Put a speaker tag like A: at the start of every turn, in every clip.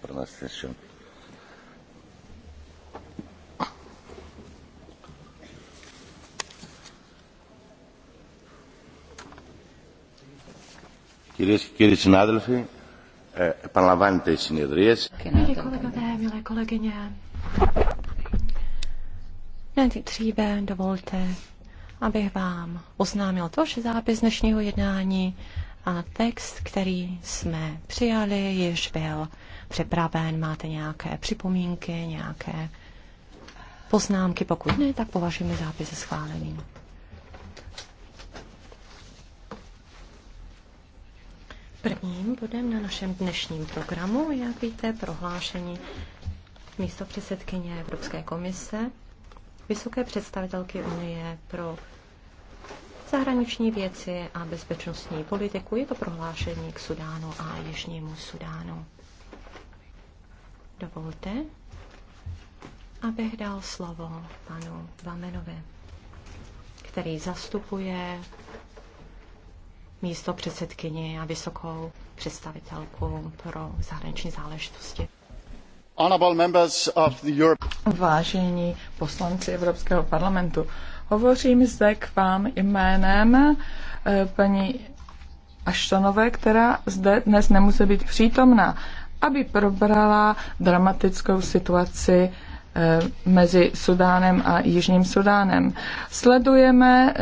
A: pronunciation. Κυρίες και κύριοι συνάδελφοι, επαναλαμβάνεται η συνεδρίαση.
B: milé kolegové, milé kolegyně, nejdříve dovolte, abych vám oznámil to, že zápis dnešního jednání a text, který jsme přijali, již byl připraven. Máte nějaké připomínky, nějaké poznámky? Pokud ne, tak považujeme zápis za schválený. Prvním bodem na našem dnešním programu, jak víte, prohlášení místo předsedkyně Evropské komise, vysoké představitelky Unie pro zahraniční věci a bezpečnostní politiku. Je to prohlášení k Sudánu a Jižnímu Sudánu. Dovolte, abych dal slovo panu Vamenovi, který zastupuje místo předsedkyni a vysokou představitelku pro zahraniční záležitosti.
C: Vážení poslanci Evropského parlamentu, Hovořím zde k vám jménem eh, paní Aštonové, která zde dnes nemůže být přítomná, aby probrala dramatickou situaci Eh, mezi Sudánem a Jižním Sudánem. Sledujeme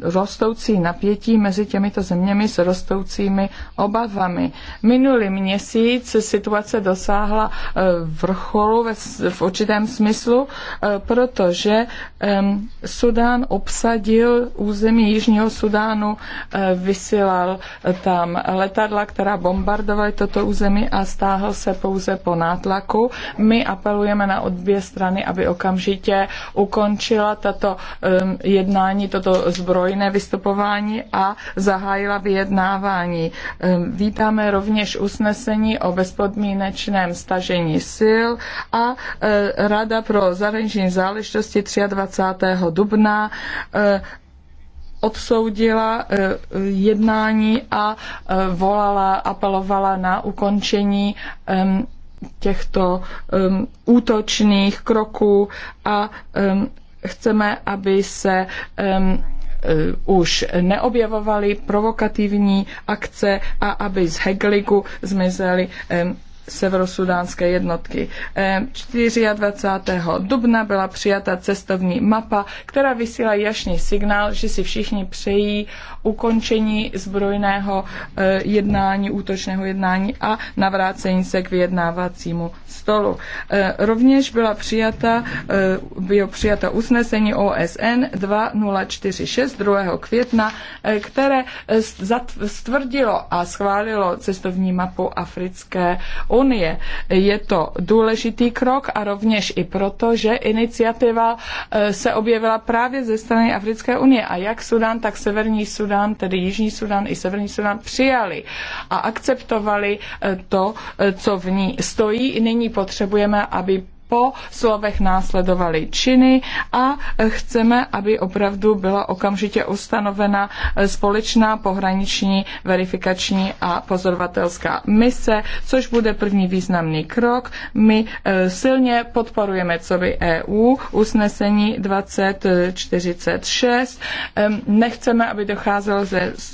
C: rostoucí napětí mezi těmito zeměmi s rostoucími obavami. Minulý měsíc situace dosáhla eh, vrcholu v určitém smyslu, eh, protože Sudán obsadil území Jižního Sudánu, vysílal tam letadla, která bombardovaly toto území a stáhl se pouze po nátlaku. My apelujeme na odběs strany, aby okamžitě ukončila tato um, jednání, toto zbrojné vystupování a zahájila vyjednávání. Um, vítáme rovněž usnesení o bezpodmínečném stažení sil a uh, Rada pro zahraniční záležitosti 23. dubna uh, odsoudila uh, jednání a uh, volala, apelovala na ukončení um, těchto um, útočných kroků a um, chceme, aby se um, uh, už neobjevovaly provokativní akce a aby z Hegligu zmizely um, severosudánské jednotky. 24. E, dubna byla přijata cestovní mapa, která vysílá jasný signál, že si všichni přejí ukončení zbrojného e, jednání, útočného jednání a navrácení se k vyjednávacímu stolu. E, rovněž byla přijata, bylo přijata usnesení OSN 2046 2. května, které stvrdilo a schválilo cestovní mapu africké unie. Je to důležitý krok a rovněž i proto, že iniciativa eh, se objevila právě ze strany Africké unie a jak Sudan, tak Severní Sudan, tedy Jižní Sudan i Severní Sudan přijali a akceptovali eh, to, eh, co v ní stojí. Nyní potřebujeme, aby po slovech následovaly činy a chceme, aby opravdu byla okamžitě ustanovena společná pohraniční verifikační a pozorovatelská mise, což bude první významný krok. My e, silně podporujeme, co by EU, usnesení 2046. E, nechceme, aby docházelo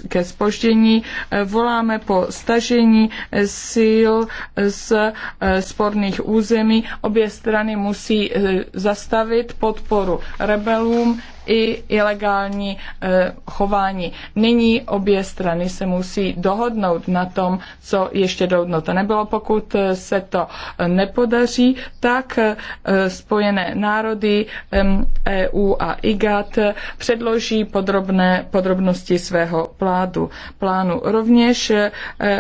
C: ke spoždění. E, voláme po stažení sil z sporných území. Obě strany musí eh, zastavit podporu rebelům, i ilegální eh, chování. Nyní obě strany se musí dohodnout na tom, co ještě To nebylo. Pokud eh, se to eh, nepodaří, tak Spojené národy, EU e a IGAT předloží podrobné podrobnosti svého plánu. plánu. Rovněž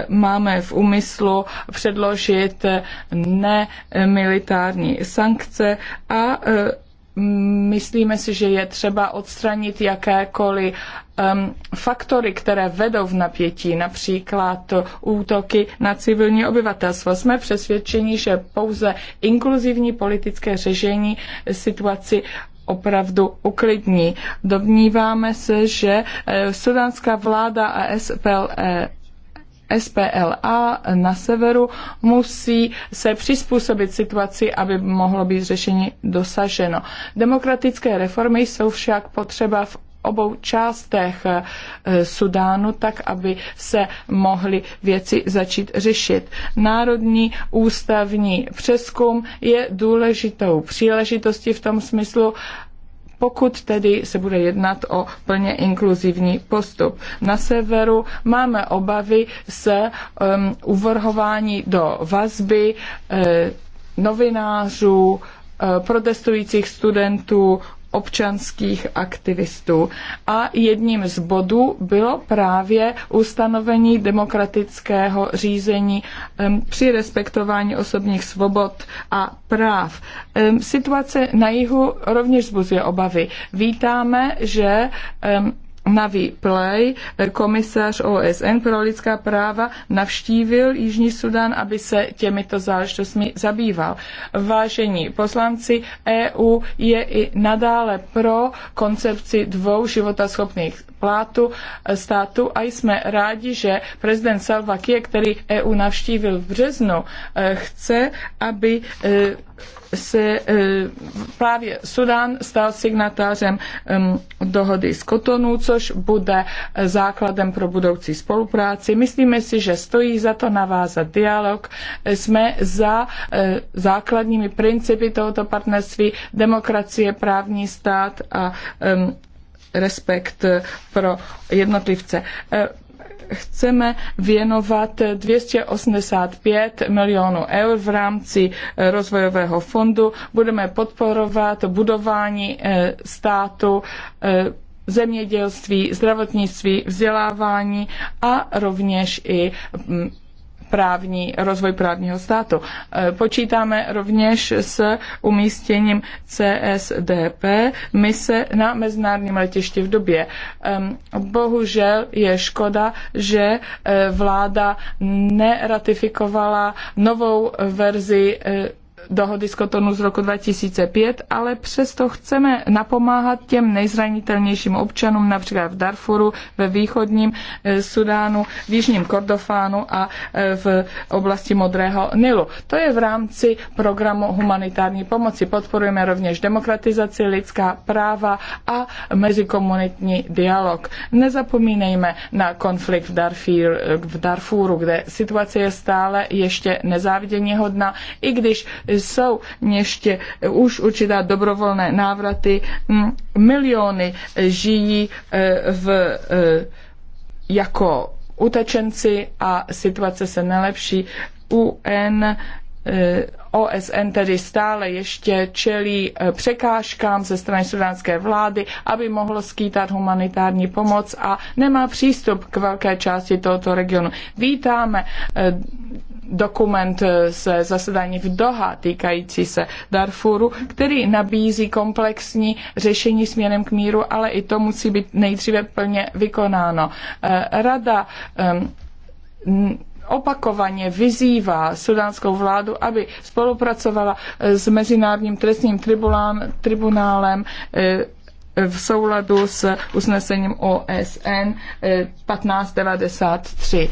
C: máme v úmyslu předložit nemilitární sankce a myslíme si, že je třeba odstranit jakékoliv um, faktory, které vedou v napětí, například útoky na civilní obyvatelstvo. Jsme přesvědčeni, že pouze inkluzivní politické řešení situaci opravdu uklidní. Domníváme se, že eh, sudánská vláda a SPLE SPLA na severu musí se přizpůsobit situaci, aby mohlo být řešení dosaženo. Demokratické reformy jsou však potřeba v obou částech eh, Sudánu, tak aby se mohly věci začít řešit. Národní ústavní přeskum je důležitou příležitostí v tom smyslu, pokud tedy se bude jednat o plně inkluzivní postup. Na severu máme obavy se um, uvrhování do vazby eh, novinářů, eh, protestujících studentů, občanských aktivistů. A jedním z bodů bylo právě ustanovení demokratického řízení při respektování osobních svobod a práv. Situace na jihu rovněž zbuzuje obavy. Vítáme, že Navi Play, komisař OSN pro lidská práva, navštívil Jižní Sudan, aby se těmito záležitostmi zabýval. Vážení poslanci, EU je i nadále pro koncepci dvou životaschopných plátu státu a jsme rádi, že prezident Salva Kiir, který EU navštívil v březnu, eh, chce, aby eh, se eh, právě Sudan stal signatářem ehm, dohody z Kotonu, co což bude základem pro budoucí spolupráci. Myslíme si, že stojí za to navázat dialog. Jsme za eh, základními principy tohoto partnerství demokracie, právní stát a respekt eh, pro jednotlivce eh, chceme věnovat 285 milionů eur v rámci rozvojového fondu. Budeme podporovat budování státu zemědělství, zdravotnictví, vzdělávání a rovněž i mm, právní, rozvoj právního státu. E, počítáme rovněž s umístěním CSDP mise na mezinárodním letišti v době. E, bohužel je škoda, že e, vláda neratifikovala novou verzi dohody z Kotonu z roku 2005, ale přesto chceme napomáhat těm nejzranitelnějším občanům, například v Darfuru, ve východním eh, Sudánu, v jižním Kordofánu a eh, v oblasti Modrého Nilu. To je v rámci programu humanitární pomoci. Podporujeme rovněž demokratizaci, lidská práva a mezikomunitní dialog. Nezapomínejme na konflikt v, Darfír, eh, v Darfuru, kde situace je stále ještě nezávidění hodna, i když jsou ještě už určitá dobrovolné návraty. Mm, miliony žijí eh, v, eh, jako utečenci a situace se nelepší. UN eh, OSN tedy stále ještě čelí překážkám ze strany sudánské vlády, aby mohlo skýtat humanitární pomoc a nemá přístup k velké části tohoto regionu. Vítáme dokument ze eh, zasedání v Doha týkající se Darfuru, který nabízí komplexní řešení směrem k míru, ale i to musí být nejdříve plně vykonáno. Eh, Rada ehm, opakovaně vyzývá sudánskou vládu, aby spolupracovala eh, s Mezinárodním trestním tribunálem v souladu s usnesením OSN 1593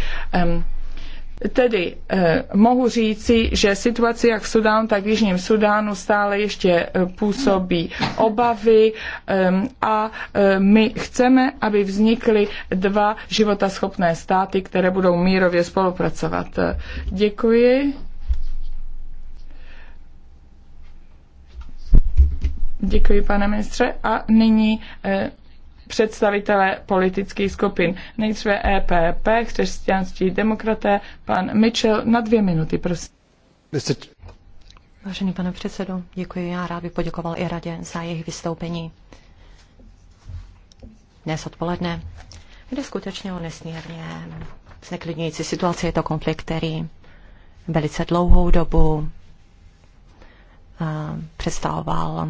C: Tedy eh, mohu říci, že situace jak v Sudánu, tak v Jižním Sudánu stále ještě eh, působí obavy eh, a eh, my chceme, aby vznikly dva životaschopné státy, které budou mírově spolupracovat. Děkuji. Děkuji, pane ministře. A nyní eh, představitelé politických skupin. Nejdříve EPP, křesťanští demokraté, pan Mitchell, na dvě minuty, prosím.
B: Vážený pane předsedo, děkuji. Já rád bych poděkoval i radě za jejich vystoupení. Dnes odpoledne jde skutečně o nesmírně zneklidňující situaci. Je to konflikt, který velice dlouhou dobu eh, představoval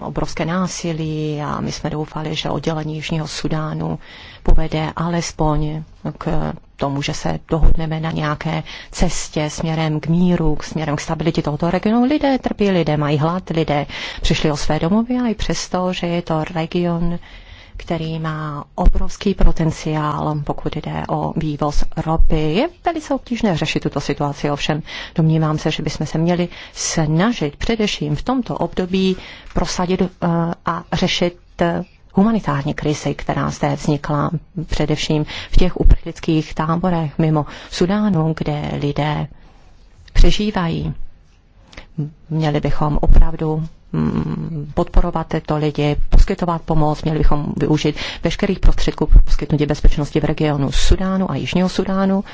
B: obrovské násilí a my jsme doufali, že oddělení Jižního Sudánu povede alespoň k tomu, že se dohodneme na nějaké cestě směrem k míru, směrem k stabilitě tohoto regionu. Lidé trpí, lidé mají hlad, lidé přišli o své domovy a i přesto, že je to region, který má obrovský potenciál, pokud jde o vývoz ropy. Je velice obtížné řešit tuto situaci, ovšem domnívám se, že bychom se měli snažit především v tomto období prosadit eh, a řešit eh, humanitární krizi, která zde vznikla především v těch uprchlických táborech mimo Sudánu, kde lidé přežívají. Měli bychom opravdu mm, podporovat tyto lidi, poskytovat pomoc, měli bychom využít veškerých prostředků pro poskytnutí bezpečnosti v regionu Sudánu a Jižního Sudánu.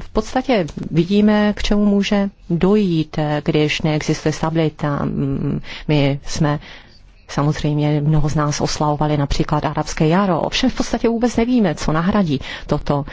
B: V podstatě vidíme, k čemu může dojít, když neexistuje stabilita. My jsme Samozřejmě mnoho z nás oslavovali například arabské jaro. Ovšem v podstatě vůbec nevíme, co nahradí toto,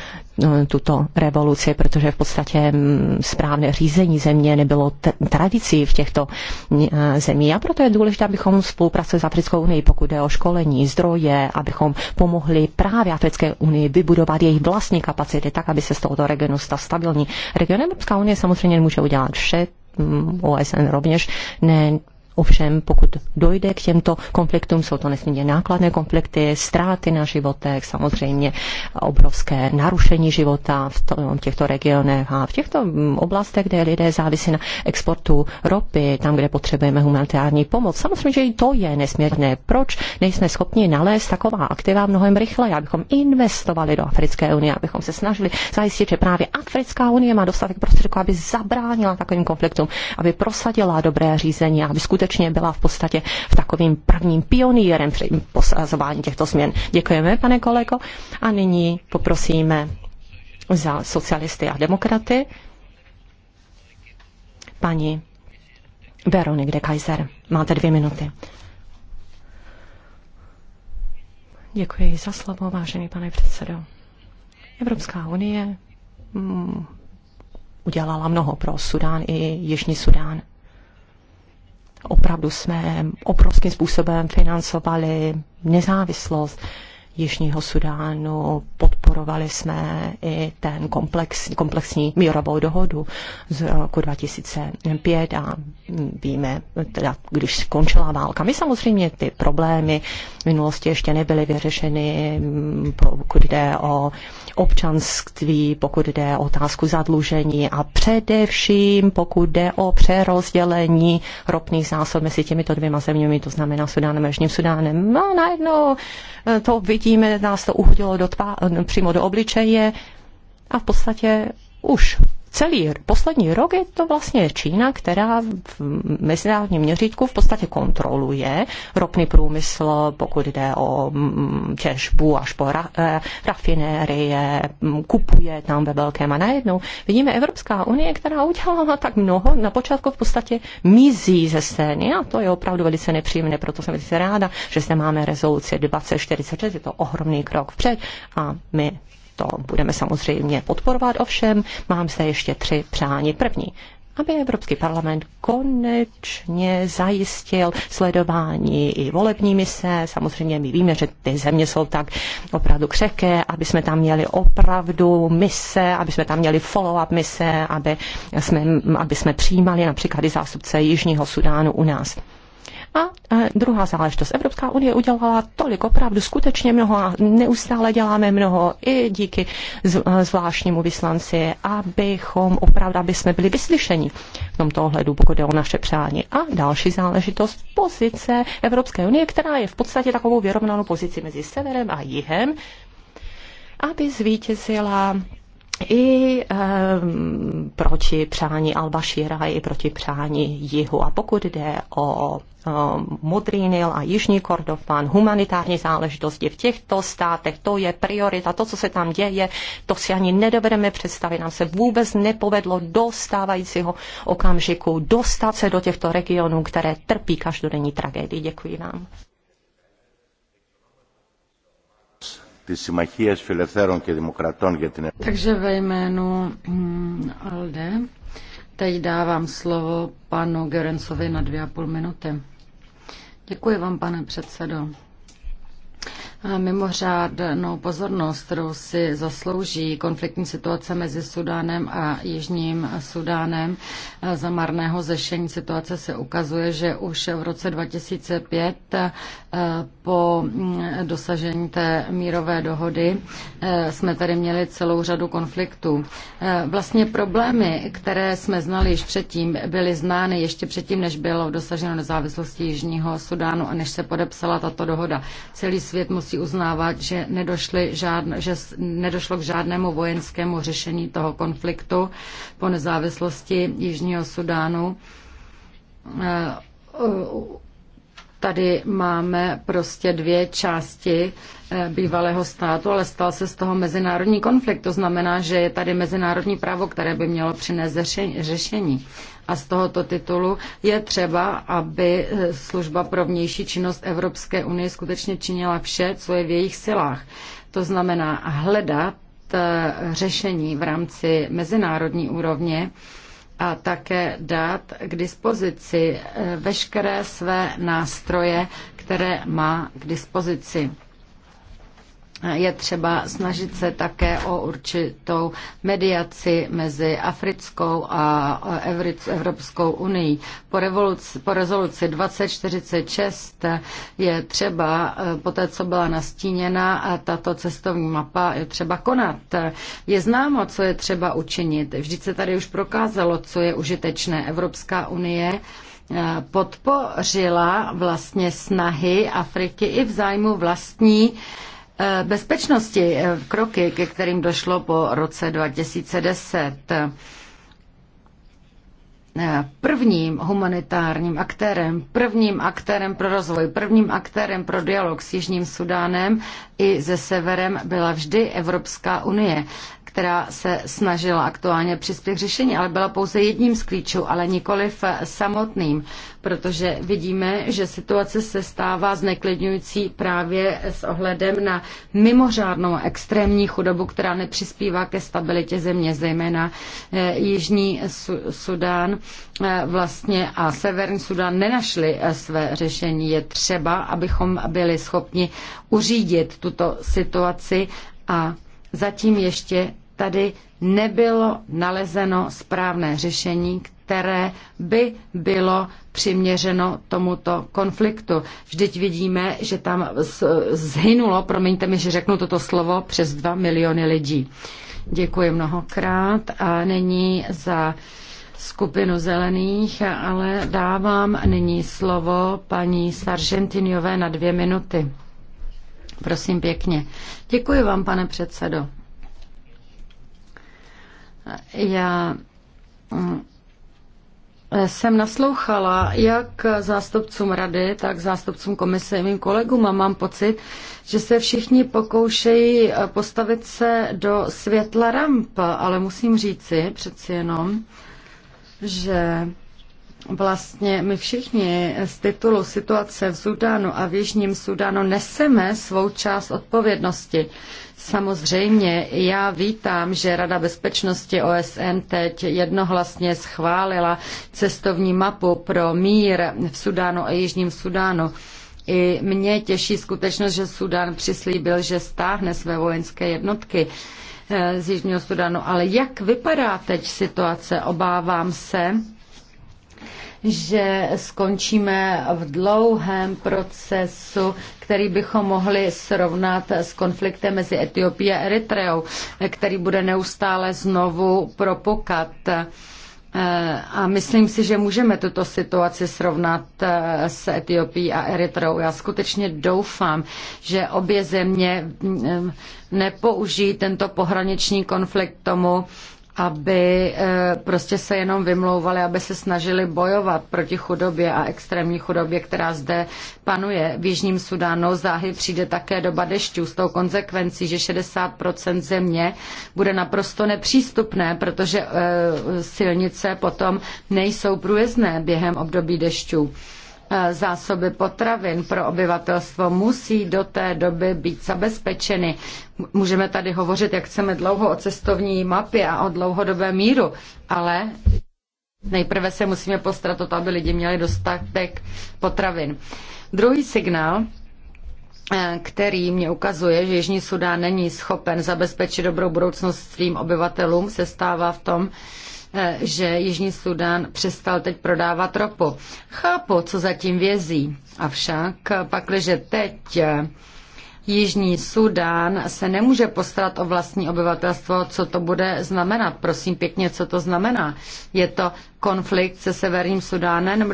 B: eh, tuto revoluci, protože v podstatě mm, správné řízení země nebylo tradicí v těchto mm, eh, zemí. A proto je důležité, abychom spolupracovali s Africkou unii, pokud jde o školení, zdroje, abychom pomohli právě Africké unii vybudovat jejich vlastní kapacity, tak, aby se z tohoto regionu stal stabilní. Region Evropská unie samozřejmě nemůže udělat vše, mm, OSN rovněž ne, Ovšem, pokud dojde k těmto konfliktům, jsou to nesmírně nákladné konflikty, ztráty na životech, samozřejmě obrovské narušení života v těchto regionech a v těchto mm, oblastech, kde lidé závisí na exportu ropy, tam, kde potřebujeme humanitární pomoc. Samozřejmě, že i to je nesmírné. Proč nejsme schopni nalézt taková aktiva mnohem rychleji, abychom investovali do Africké unie, abychom se snažili zajistit, že právě Africká unie má dostatek prostředků, aby zabránila takovým konfliktům, aby prosadila dobré řízení, aby skutečně skutečně byla v podstatě v takovým prvním pionýrem při posazování těchto změn. Děkujeme, pane kolego. A nyní poprosíme za socialisty a demokraty paní Veronik de Kaiser. Máte dvě minuty. Děkuji za slovo, vážený pane předsedo. Evropská unie mm, udělala mnoho pro Sudán i Jižní Sudán opravdu jsme obrovským způsobem financovali nezávislost Jižního Sudánu, podporovali jsme i ten komplex, komplexní mírovou dohodu z roku 2005 a víme, teda, když skončila válka. My samozřejmě ty problémy minulosti ještě nebyly vyřešeny, pokud jde o občanství, pokud jde o otázku zadlužení a především pokud jde o přerozdělení ropných zásob mezi těmito dvěma zeměmi, to znamená Sudánem a Jižním Sudánem. No najednou eh, to vidíme, nás to uhodilo do tpa, přímo do obličeje a v podstatě už celý poslední rok je to vlastně Čína, která v mezinárodním měřítku v podstatě kontroluje ropný průmysl, pokud jde o mm, těžbu až po ra, eh, rafinérie, mm, kupuje tam ve velkém a najednou vidíme Evropská unie, která udělala tak mnoho, na počátku v podstatě mizí ze scény a to je opravdu velice nepříjemné, proto jsem velice ráda, že zde máme rezoluci 2046, je to ohromný krok vpřed a my to budeme samozřejmě podporovat, ovšem mám zde ještě tři přání. První, aby Evropský parlament konečně zajistil sledování i volební mise. Samozřejmě my víme, že ty země jsou tak opravdu křehké, aby jsme tam měli opravdu mise, aby jsme tam měli follow-up mise, aby jsme, aby jsme přijímali například i zástupce Jižního Sudánu u nás. A e, druhá záležitost. Evropská unie udělala tolik opravdu skutečně mnoho a neustále děláme mnoho i díky e, zvláštnímu vyslanci, abychom opravdu, aby jsme byli vyslyšeni v tomto ohledu, pokud jde o naše přání. A další záležitost pozice Evropské unie, která je v podstatě takovou vyrovnanou pozici mezi severem a jihem, aby zvítězila i e, proti přání Al-Bashira, i proti přání jihu. A pokud jde o ehm, Modrý Nil a Jižní Kordofán, humanitární záležitosti v těchto státech, to je priorita, to, co se tam děje, to si ani nedovedeme představit. Nám se vůbec nepovedlo do stávajícího okamžiku dostat se do těchto regionů, které trpí každodenní tragédii. Děkuji vám. Takže ve jménu
D: mm, Alde teď dávám slovo panu Gerencovi na dvě a půl minuty. Děkuji vám, pane předsedo mimořádnou pozornost, kterou si zaslouží konfliktní situace mezi Sudánem a Jižním Sudánem. Za marného zešení situace se ukazuje, že už v roce 2005 po mm, dosažení té mírové dohody jsme tady měli celou řadu konfliktů. Vlastně problémy, které jsme znali již předtím, byly znány ještě předtím, než bylo dosaženo nezávislosti Jižního Sudánu a než se podepsala tato dohoda. Celý svět musí musí uznávat, že, nedošly žádn, že nedošlo k žádnému vojenskému řešení toho konfliktu po nezávislosti Jižního Sudánu. Eh, tady máme prostě dvě části eh, bývalého státu, ale stal se z toho mezinárodní konflikt. To znamená, že je tady mezinárodní právo, které by mělo přinést řešení. A z tohoto titulu je třeba, aby eh, služba pro vnější činnost Evropské unie skutečně činila vše, co je v jejich silách. To znamená hledat eh, řešení v rámci mezinárodní úrovně, a také dát k dispozici eh, veškeré své nástroje, které má k dispozici je třeba snažit se také o určitou mediaci mezi Africkou a Evropskou unii. Po, revoluci, po rezoluci 2046 je třeba, eh, po té, co byla nastíněna a eh, tato cestovní mapa, je třeba konat. Je známo, co je třeba učinit. Vždyť se tady už prokázalo, co je užitečné. Evropská unie eh, podpořila vlastně snahy Afriky i v zájmu vlastní bezpečnosti, eh, kroky, ke kterým došlo po roce 2010, prvním humanitárním aktérem, prvním aktérem pro rozvoj, prvním aktérem pro dialog s Jižním Sudánem i ze severem byla vždy Evropská unie která se snažila aktuálně přispět k řešení, ale byla pouze jedním z klíčů, ale nikoliv samotným, protože vidíme, že situace se stává zneklidňující právě s ohledem na mimořádnou extrémní chudobu, která nepřispívá ke stabilitě země, zejména eh, Jižní Sudán Eh, vlastně a Severní Sudan nenašli eh, své řešení. Je třeba, abychom byli schopni uřídit tuto situaci a zatím ještě tady nebylo nalezeno správné řešení, které by bylo přiměřeno tomuto konfliktu. Vždyť vidíme, že tam zhynulo, promiňte mi, že řeknu toto slovo, přes dva miliony lidí. Děkuji mnohokrát a nyní za skupinu zelených, ale dávám nyní slovo paní Sargentiniové na dvě minuty. Prosím pěkně. Děkuji vám, pane předsedo. Já mm, jsem naslouchala jak zástupcům rady, tak zástupcům komise i mým kolegům a mám pocit, že se všichni pokoušejí postavit se do světla ramp, ale musím říci přeci jenom, že vlastně my všichni z titulu situace v Sudánu a v Jižním Sudánu neseme svou část odpovědnosti. Samozřejmě já vítám, že Rada bezpečnosti OSN teď jednohlasně schválila cestovní mapu pro mír v Sudánu a Jižním Sudánu. I mě těší skutečnost, že Sudán přislíbil, že stáhne své vojenské jednotky. Eh, z Jižního Sudanu. Ale jak vypadá teď situace? Obávám se, že skončíme v dlouhém procesu, který bychom mohli srovnat s konfliktem mezi Etiopií a Eritreou, eh, který bude neustále znovu propukat. Eh, a myslím si, že můžeme tuto situaci srovnat eh, s Etiopií a Eritrou. Já skutečně doufám, že obě země mm, eh, nepoužijí tento pohraniční konflikt tomu, aby eh, prostě se jenom vymlouvali, aby se snažili bojovat proti chudobě a extrémní chudobě, která zde panuje. V Jižním Sudánu záhy přijde také doba dešťů s tou konsekvencí, že 60% země bude naprosto nepřístupné, protože eh, silnice potom nejsou průjezdné během období dešťů. Eh, zásoby potravin pro obyvatelstvo musí do té doby být zabezpečeny. Můžeme tady hovořit, jak chceme dlouho o cestovní mapě a o dlouhodobém míru, ale nejprve se musíme postarat o to, aby lidi měli dostatek potravin. Druhý signál, eh, který mě ukazuje, že Jižní Sudán není schopen zabezpečit dobrou budoucnost svým obyvatelům, se stává v tom, Eh, že Jižní Sudán přestal teď prodávat ropu. Chápu, co zatím vězí. Avšak eh, pakliže teď eh, Jižní Sudán se nemůže postarat o vlastní obyvatelstvo, co to bude znamenat. Prosím pěkně, co to znamená. Je to konflikt se Severním Sudánem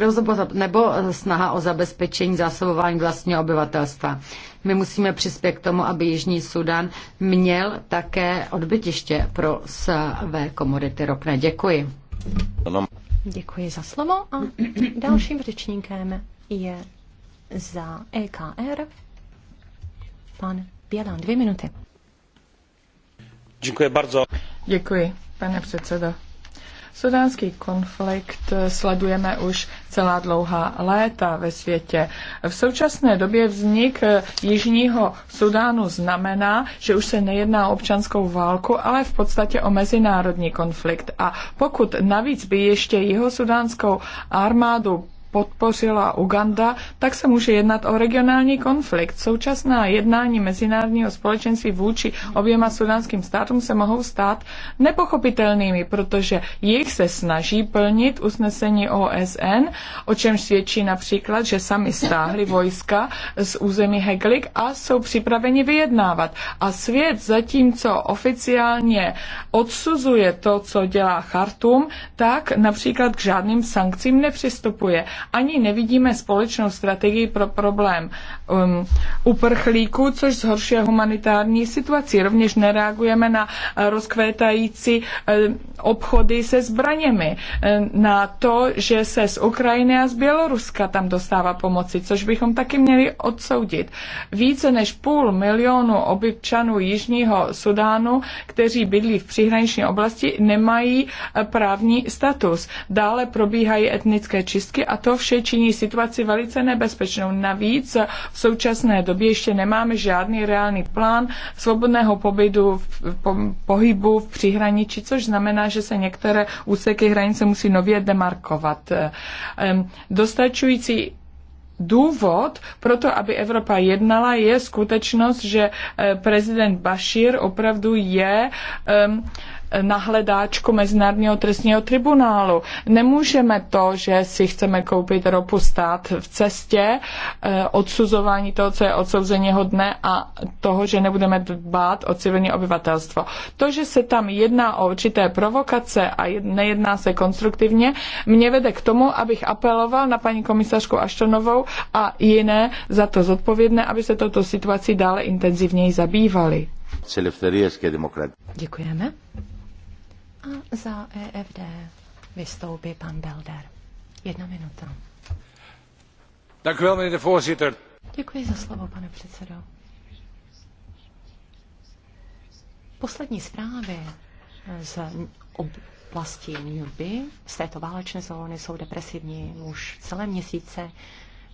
D: nebo, snaha o zabezpečení zásobování vlastního obyvatelstva. My musíme přispět k tomu, aby Jižní Sudán měl také odbytiště pro své komodity ropné. Děkuji.
B: Děkuji za slovo a dalším řečníkem je za EKR Pan
C: Bělan, dvě minuty.
A: Děkuji bardzo.
C: Děkuji, pane předsedo. Sudánský konflikt sledujeme už celá dlouhá léta ve světě. V současné době vznik Jižního Sudánu znamená, že už se nejedná o občanskou válku, ale v podstatě o mezinárodní konflikt. A pokud navíc by ještě jihosudánskou armádu podpořila Uganda, tak se může jednat o regionální konflikt. Současná jednání mezinárodního společenství vůči oběma sudánským státům se mohou stát nepochopitelnými, protože jich se snaží plnit usnesení OSN, o čem svědčí například, že sami stáhli vojska z území Heglik a jsou připraveni vyjednávat. A svět zatímco oficiálně odsuzuje to, co dělá Chartum, tak například k žádným sankcím nepřistupuje ani nevidíme společnou strategii pro problém um, uprchlíků, což zhoršuje humanitární situaci. Rovněž nereagujeme na rozkvétající um, obchody se zbraněmi, um, na to, že se z Ukrajiny a z Běloruska tam dostává pomoci, což bychom taky měli odsoudit. Více než půl milionu občanů Jižního Sudánu, kteří bydlí v příhraniční oblasti, nemají eh, právní status. Dále probíhají etnické čistky a to to vše činí situaci velice nebezpečnou. Navíc v současné době ještě nemáme žádný reálný plán svobodného pobytu, po, pohybu v příhraničí, což znamená, že se některé úseky hranice musí nově demarkovat. Ehm, dostačující Důvod pro to, aby Evropa jednala, je skutečnost, že eh, prezident Bashir opravdu je um, na hledáčku Mezinárodního trestního tribunálu. Nemůžeme to, že si chceme koupit ropu stát v cestě, eh, odsuzování toho, co je odsouzení hodné a toho, že nebudeme dbát o civilní obyvatelstvo. To, že se tam jedná o určité provokace a nejedná se konstruktivně, mě vede k tomu, abych apeloval na paní komisařku Aštonovou a jiné za to zodpovědné, aby se toto situací dále intenzivněji zabývali. Děkujeme.
B: A za EFD vystoupí pan Belder. Jedna minuta.
A: Tak velmi, voorzitter.
B: Děkuji za slovo, pane předsedo. Poslední zprávy z oblasti Newby z této válečné zóny jsou depresivní už celé měsíce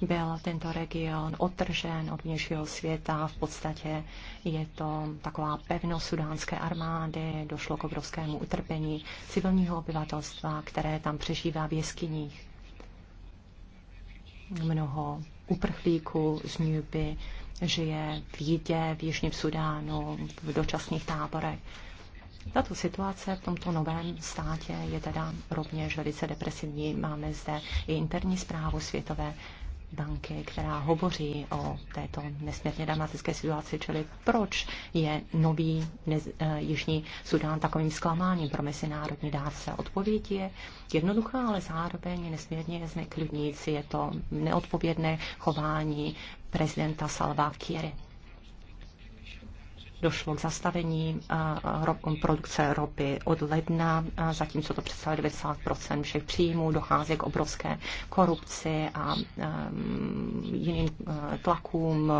B: byl tento region otržen od vnějšího světa. V podstatě je to taková pevnost sudánské armády, došlo k obrovskému utrpení civilního obyvatelstva, které tam přežívá v jeskyních. Mnoho uprchlíků z Newby žije v jídě v Jižním Sudánu, v dočasných táborech. Tato situace v tomto novém státě je teda rovněž velice depresivní. Máme zde i interní zprávu Světové banky, která hovoří o této nesmírně dramatické situaci, čili proč je nový nez, eh, Jižní Sudán takovým zklamáním pro mezinárodní dárce. Odpověď je jednoduchá, ale zároveň nesmírně zneklidnící. Je to neodpovědné chování prezidenta Salva Kiery došlo k zastavení produkce ropy od ledna, zatímco to představuje 90 všech příjmů, dochází k obrovské korupci a jiným tlakům,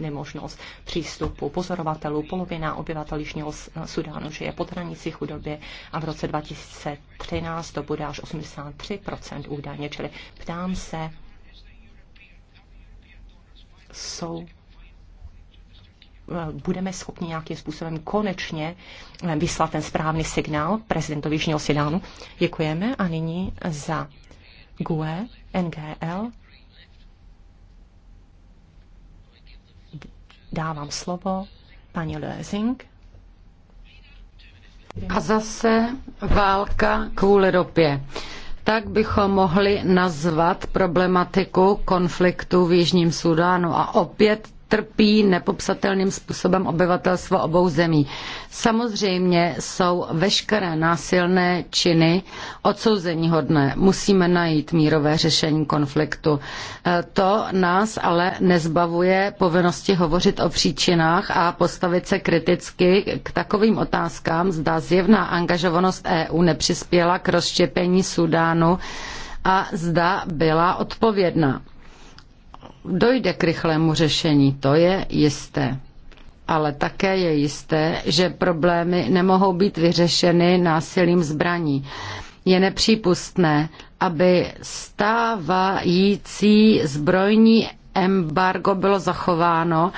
B: nemožnost přístupu pozorovatelů. Polovina obyvatel Jižního Sudánu žije pod hranicí chudoby a v roce 2013 to bude až 83 údajně. Čili ptám se, jsou budeme schopni nějakým způsobem konečně vyslat ten správný signál prezidentovi Jižního Sudánu. Děkujeme a nyní za GUE, NGL. Dávám slovo paní Lezing. A zase
D: válka kvůli ropě. Tak bychom mohli nazvat problematiku konfliktu v Jižním Sudánu. A opět trpí nepopsatelným způsobem obyvatelstvo obou zemí. Samozřejmě jsou veškeré násilné činy odsouzení hodné. Musíme najít mírové řešení konfliktu. E, to nás ale nezbavuje povinnosti hovořit o příčinách a postavit se kriticky k takovým otázkám, zda zjevná angažovanost EU nepřispěla k rozštěpení Sudánu a zda byla odpovědná dojde k rychlému řešení, to je jisté. Ale také je jisté, že problémy nemohou být vyřešeny násilím zbraní. Je nepřípustné, aby stávající zbrojní embargo bylo zachováno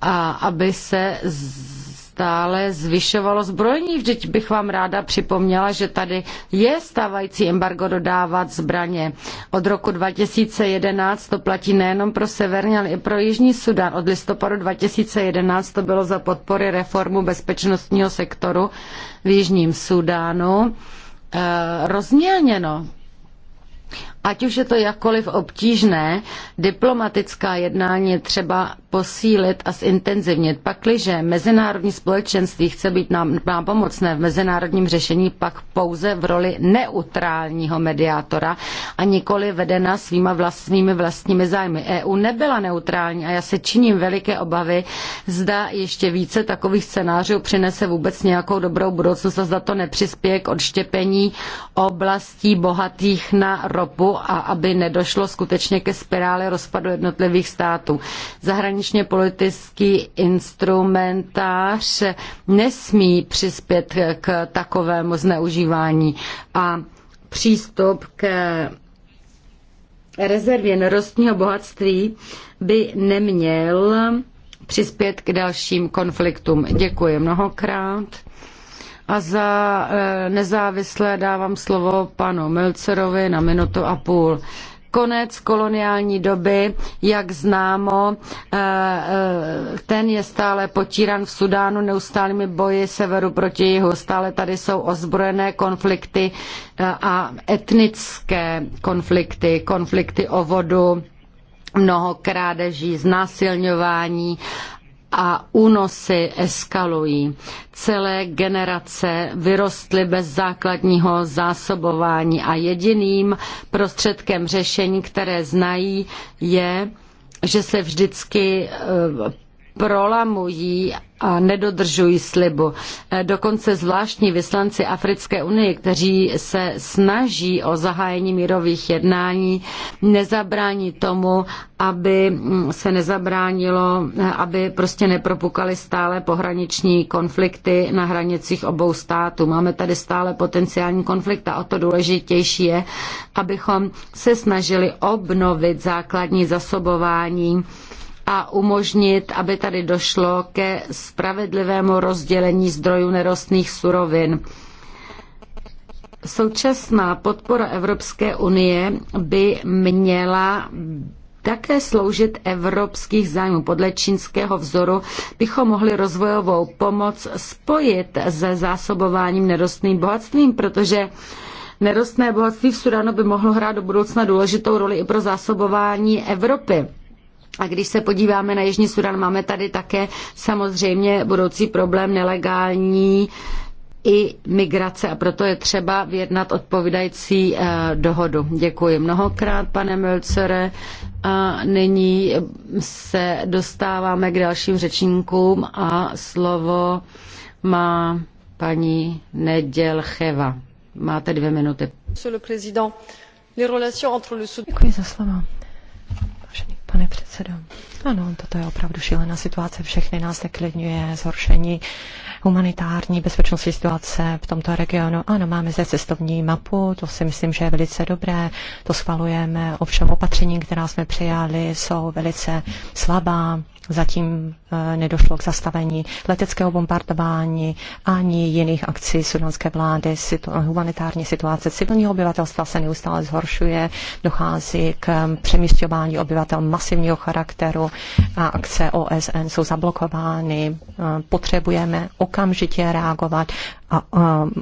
D: a aby se z neustále zvyšovalo zbrojní. Vždyť bych vám ráda připomněla, že tady je stávající embargo dodávat zbraně. Od roku 2011 to platí nejenom pro Severní, ale i pro Jižní Sudan. Od listopadu 2011 to bylo za podpory reformu bezpečnostního sektoru v Jižním Sudánu eh, rozmělněno. Ať už je to jakkoliv obtížné, diplomatická jednání je třeba posílit a zintenzivnit. Pakliže mezinárodní společenství chce být nám, nám pomocné v mezinárodním řešení, pak pouze v roli neutrálního mediátora a nikoli vedena svýma vlastními vlastními zájmy. EU nebyla neutrální a já se činím veliké obavy, zda ještě více takových scénářů přinese vůbec nějakou dobrou budoucnost a zda to nepřispěje k odštěpení oblastí bohatých na ropu a aby nedošlo skutečně ke spirále rozpadu jednotlivých států. Zahraničně politický instrumentář nesmí přispět k takovému zneužívání a přístup k rezervě nerostního bohatství by neměl přispět k dalším konfliktům. Děkuji mnohokrát. A za e, nezávislé dávám slovo panu Melcerovi na minutu a půl konec koloniální doby, jak známo, e, e, ten je stále potíran v Sudánu neustálými boji severu proti jihu. Stále tady jsou ozbrojené konflikty a etnické konflikty, konflikty o vodu, mnoho krádeží, znásilňování a únosy eskalují. Celé generace vyrostly bez základního zásobování a jediným prostředkem řešení, které znají, je že se vždycky eh, prolamují a nedodržují slibu. Eh, dokonce zvláštní vyslanci Africké unie, kteří se snaží o zahájení mírových jednání, nezabrání tomu, aby mm, se nezabránilo, eh, aby prostě nepropukaly stále pohraniční konflikty na hranicích obou států. Máme tady stále potenciální konflikt a o to důležitější je, abychom se snažili obnovit základní zasobování a umožnit, aby tady došlo ke spravedlivému rozdělení zdrojů nerostných surovin. Současná podpora Evropské unie by měla také sloužit evropských zájmů. Podle čínského vzoru bychom mohli rozvojovou pomoc spojit se zásobováním nerostným bohatstvím, protože nerostné bohatství v Sudánu by mohlo hrát do budoucna důležitou roli i pro zásobování Evropy. A když se podíváme na Jižní Sudan, máme tady také samozřejmě budoucí problém nelegální i migrace a proto je třeba vyjednat odpovídající eh, dohodu. Děkuji mnohokrát, pane Mölcere. A nyní se dostáváme k dalším řečníkům a slovo má paní Nedělcheva. Máte dvě minuty. Děkuji za slovo
B: pane předsedo. Ano, toto je opravdu šílená situace. Všechny nás neklidňuje zhoršení humanitární bezpečnostní situace v tomto regionu. Ano, máme zde cestovní mapu, to si myslím, že je velice dobré, to schvalujeme. Ovšem opatření, která jsme přijali, jsou velice slabá. Zatím eh, nedošlo k zastavení leteckého bombardování ani jiných akcí sudanské vlády. Situ- humanitární situace civilního obyvatelstva se neustále zhoršuje, dochází k eh, přemístování obyvatel mas masivního charakteru a akce OSN jsou zablokovány. Eh, potřebujeme okamžitě reagovat a, eh,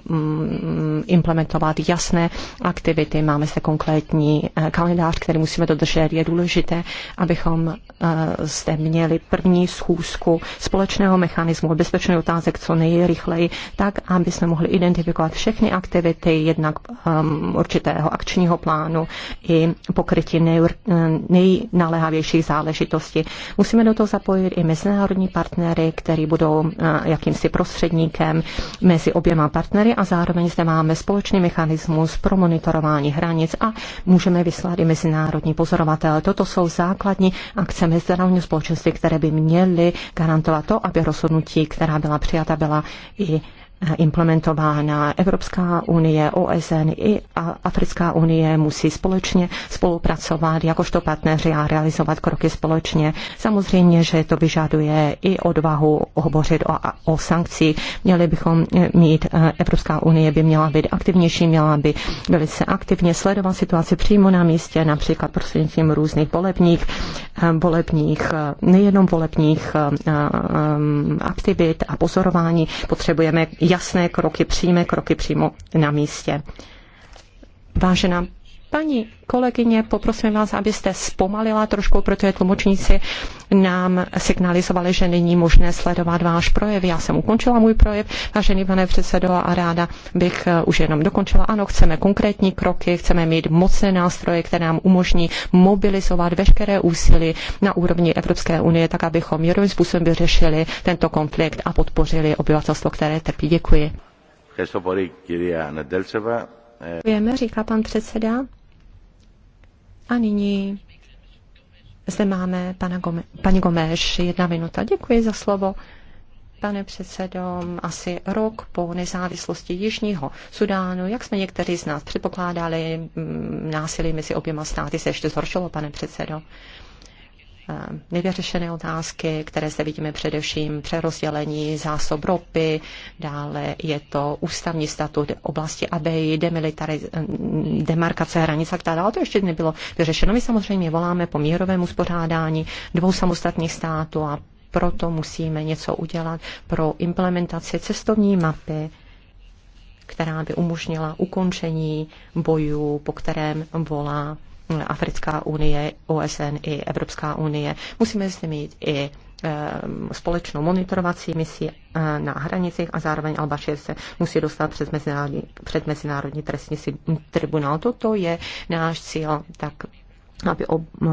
B: mm, implementovat jasné aktivity. Máme zde konkrétní eh, kalendář, který musíme dodržet. Je důležité, abychom zde měli první schůzku společného mechanismu bezpečných otázek co nejrychleji, tak, aby jsme mohli identifikovat všechny aktivity, jednak určitého akčního plánu i pokrytí nejnaléhavějších nejnaléhavější záležitosti. Musíme do toho zapojit i mezinárodní partnery, který budou eh, jakýmsi prostředníkem mezi oběma partnery a zároveň zde máme společný mechanismus pro monitorování hranic a můžeme vyslat i mezinárodní pozorovatel. Toto jsou základní akce mezinárodního společenství, které by měly garantovat to, aby rozhodnutí, která byla přijata, byla i implementována. Evropská unie, OSN i Africká unie musí společně spolupracovat jakožto partneři a realizovat kroky společně. Samozřejmě, že to vyžaduje i odvahu hovořit o, o sankcích. Měli bychom eh, mít, eh, Evropská unie by měla být aktivnější, měla by velice aktivně sledovat situaci přímo na místě, například prostřednictvím různých volebních, eh, volebních, nejenom volebních aktivit a pozorování. Potřebujeme jasné kroky, přímé kroky přímo na místě. Vážená Paní kolegyně, poprosím vás, abyste zpomalila trošku, protože tlumočníci nám signalizovali, že není možné sledovat váš projev. Já jsem ukončila můj projev, vážený pane předsedo, a ráda bych eh, už jenom dokončila. Ano, chceme konkrétní kroky, chceme mít mocné nástroje, které nám umožní mobilizovat veškeré úsilí na úrovni Evropské unie, tak abychom jednou způsobem vyřešili tento konflikt a podpořili obyvatelstvo, které trpí. Děkuji. Děkujeme, říká pan předseda. A nyní zde máme pana Gome, paní Gomeš, jedna minuta. Děkuji za slovo. Pane předsedo, asi rok po nezávislosti Jižního Sudánu, jak jsme někteří z nás předpokládali, násilí mezi oběma státy se ještě zhoršilo, pane předsedo. Eh, nevyřešené otázky, které zde vidíme především přerozdělení zásob ropy, dále je to ústavní statut oblasti ABI, eh, demarkace hranic a tak dále. To ještě nebylo vyřešeno. My samozřejmě voláme po mírovém uspořádání dvou samostatných států a proto musíme něco udělat pro implementaci cestovní mapy, která by umožnila ukončení bojů, po kterém volá Africká unie, OSN i Evropská unie. Musíme zde mít i ehm, společnou monitorovací misi eh, na hranicích a zároveň Albašir se musí dostat před mezinárodní, před mezinárodní trestní tribunál. Toto je náš cíl, tak aby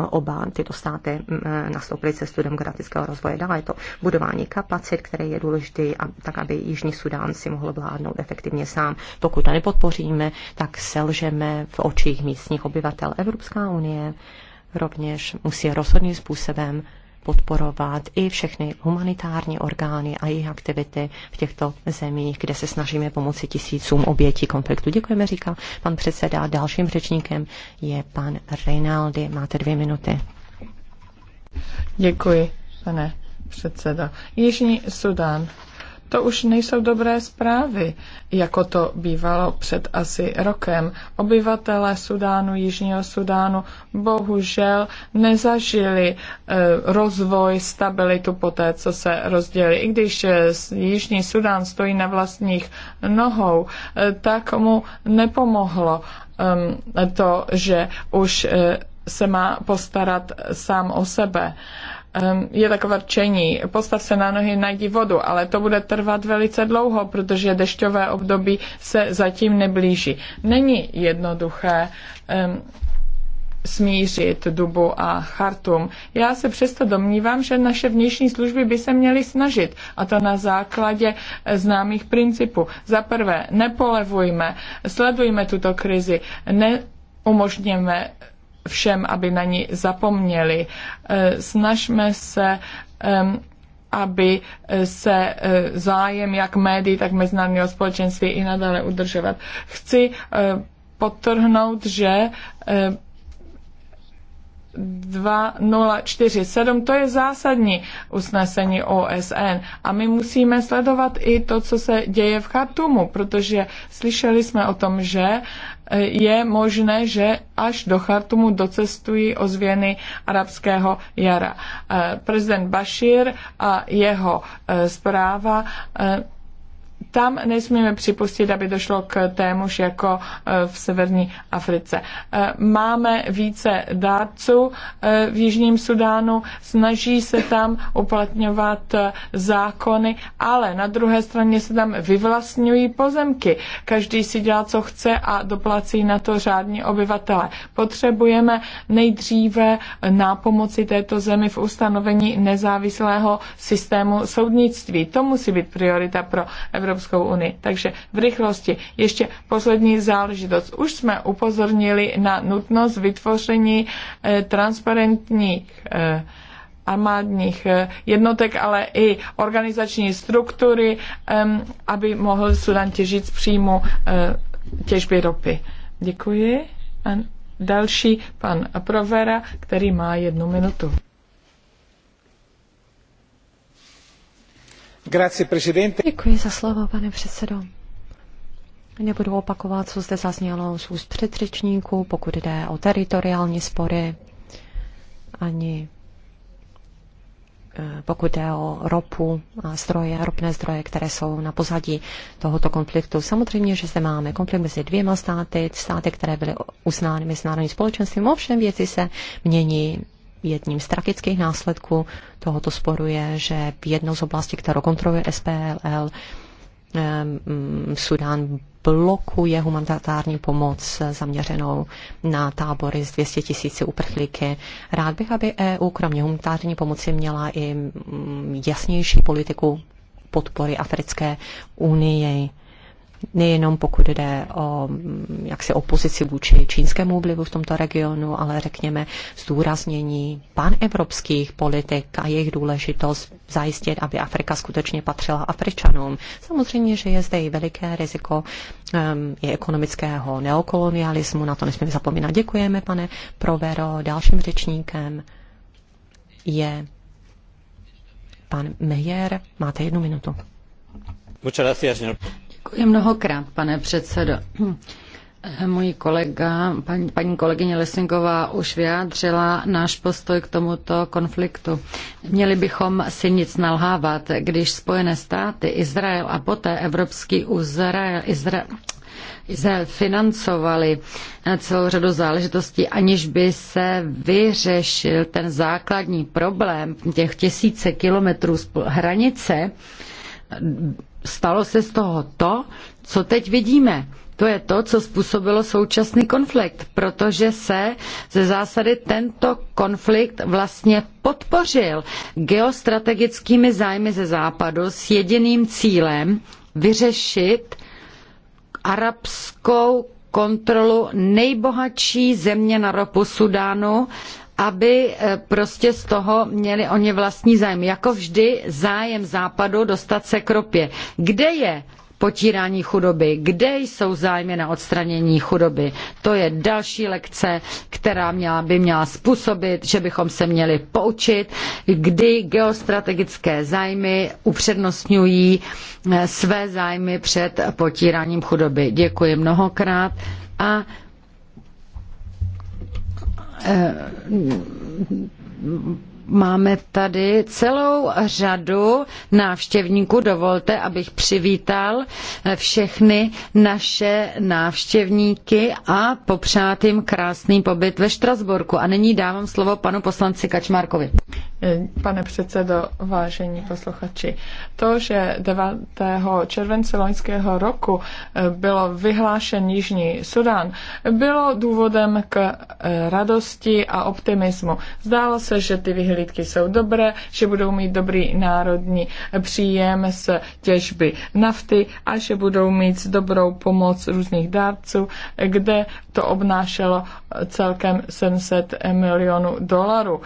B: oba tyto státy nastoupily cestu demokratického rozvoje. Dále je to budování kapacit, které je důležité, tak aby Jižní Sudán si mohl vládnout efektivně sám. Pokud to nepodpoříme, tak selžeme v očích místních obyvatel. Evropská unie rovněž musí rozhodným způsobem podporovat i všechny humanitární orgány a jejich aktivity v těchto zemích, kde se snažíme pomoci tisícům obětí konfliktu. Děkujeme, říká pan předseda. Dalším řečníkem je pan Reinaldi. Máte dvě minuty.
C: Děkuji, pane předseda. Jižní Sudan. To už nejsou dobré zprávy, jako to bývalo před asi rokem. Obyvatelé Sudánu, Jižního Sudánu, bohužel nezažili e, rozvoj, stabilitu po té, co se rozdělili. I když e, Jižní Sudán stojí na vlastních nohou, e, tak mu nepomohlo to, že už se má postarat sám o sebe je takové rčení, postav se na nohy, najdi vodu, ale to bude trvat velice dlouho, protože dešťové období se zatím neblíží. Není jednoduché smířit Dubu a Chartum. Já se přesto domnívám, že naše vnější služby by se měly snažit, a to na základě eh, známých principů. Za prvé, nepolevujme, sledujme tuto krizi, neumožněme všem, aby na ní zapomněli. E, snažme se aby se e, zájem jak médií, tak mezinárodního společenství i nadále udržovat. Chci e, podtrhnout, že 2047, to je zásadní usnesení OSN. A my musíme sledovat i to, co se děje v Chartumu, protože slyšeli jsme o tom, že eh, je možné, že až do Chartumu docestují ozvěny arabského jara. Eh, prezident Bashir a jeho eh, zpráva tam nesmíme připustit, aby došlo k témuž jako e, v severní Africe. E, máme více dárců e, v Jižním Sudánu, snaží se tam uplatňovat zákony, ale na druhé straně se tam vyvlastňují pozemky. Každý si dělá, co chce a doplací na to řádní obyvatele. Potřebujeme nejdříve na pomoci této zemi v ustanovení nezávislého systému soudnictví. To musí být priorita pro Evropu. Evropskou unii. Takže v rychlosti ještě poslední záležitost. Už jsme upozornili na nutnost vytvoření eh, transparentních eh, armádních eh, jednotek, ale i organizační struktury, aby mohl Sudan těžit z příjmu těžby ropy. Děkuji. A další pan Provera, který má jednu minutu.
B: Děkuji za slovo, pane předsedo. Nebudu opakovat, co zde zaznělo z úst předřečníků, pokud jde o teritoriální spory, ani eh, pokud jde o ropu a zdroje, ropné zdroje, které jsou na pozadí tohoto konfliktu. Samozřejmě, že zde máme konflikt mezi dvěma státy, státy, které byly uznány mezinárodním společenstvím, ovšem věci se mění jedním z tragických následků tohoto sporu je, že v jednou z oblastí, kterou kontroluje SPLL, mm, Sudán blokuje humanitární pomoc zaměřenou na tábory z 200 tisíci uprchlíky. Rád bych, aby EU kromě humanitární pomoci měla i mm, jasnější politiku podpory Africké unie nejenom pokud jde o jaksi opozici vůči čínskému vlivu v tomto regionu, ale řekněme zdůraznění panevropských politik a jejich důležitost zajistit, aby Afrika skutečně patřila Afričanům. Samozřejmě, že je zde i veliké riziko um, i ekonomického neokolonialismu, na to nesmíme zapomínat. Děkujeme, pane Provero. Dalším řečníkem je pan Meyer. Máte jednu
D: minutu.
A: Muchas gracias, señor.
D: Děkuji mnohokrát, pane předsedo. Můj kolega, paní, paní kolegyně Lesingová, už vyjádřila náš postoj k tomuto konfliktu. Měli bychom si nic nalhávat, když Spojené státy, Izrael a poté Evropský Izrael, Izrael, Izrael financovali celou řadu záležitostí, aniž by se vyřešil ten základní problém těch tisíce kilometrů hranice, stalo se z toho to, co teď vidíme. To je to, co způsobilo současný konflikt, protože se ze zásady tento konflikt vlastně podpořil geostrategickými zájmy ze západu s jediným cílem vyřešit arabskou kontrolu nejbohatší země na ropu Sudánu aby eh, prostě z toho měli oni vlastní zájem. Jako vždy zájem západu dostat se k ropě. Kde je potírání chudoby, kde jsou zájmy na odstranění chudoby. To je další lekce, která měla, by měla způsobit, že bychom se měli poučit, kdy geostrategické zájmy upřednostňují eh, své zájmy před potíráním chudoby. Děkuji mnohokrát a Eh, máme tady celou řadu návštěvníků. Dovolte, abych přivítal eh, všechny naše návštěvníky a popřát jim krásný pobyt ve Štrasburku. A nyní dávám slovo panu
C: poslanci Kačmárkovi. Pane předsedo, vážení posluchači, to, že 9. července loňského roku eh, bylo vyhlášen Jižní Sudán, bylo důvodem k eh, radosti a optimismu. Zdálo se, že ty vyhlídky jsou dobré, že budou mít dobrý národní eh, příjem z těžby nafty a že budou mít dobrou pomoc různých dárců, kde to obnášelo celkem 700 milionů dolarů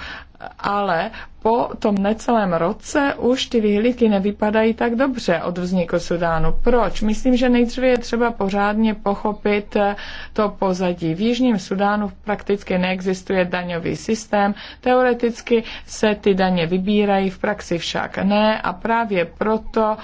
C: ale po tom necelém roce už ty výhlíky nevypadají tak dobře od vzniku Sudánu. Proč? Myslím, že nejdříve je třeba pořádně pochopit to pozadí. V Jižním Sudánu prakticky neexistuje daňový systém, teoreticky se ty daně vybírají, v praxi však ne a právě proto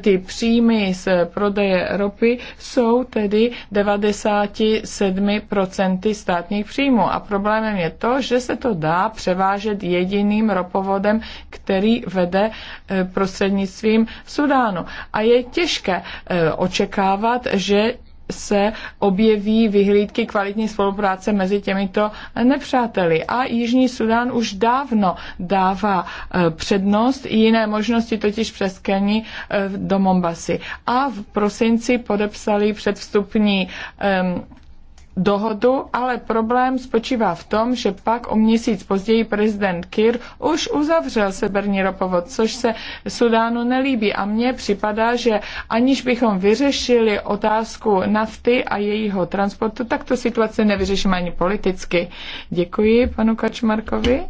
C: ty příjmy z prodeje ropy jsou tedy 97% státních příjmů a problémem je to, že se to dá převážet jediným ropovým plynovodem, který vede eh, prostřednictvím Sudánu. A je těžké eh, očekávat, že se objeví vyhlídky kvalitní spolupráce mezi těmito nepřáteli. A Jižní Sudán už dávno dává eh, přednost, jiné možnosti totiž přes Keni do Mombasy. A v prosinci podepsali předvstupní um, dohodu, ale problém spočívá v tom, že pak o měsíc později prezident Kir už uzavřel severní ropovod, což se Sudánu nelíbí. A mně připadá, že aniž bychom vyřešili otázku nafty a jejího transportu, tak to situace nevyřešíme ani politicky. Děkuji panu Kačmarkovi.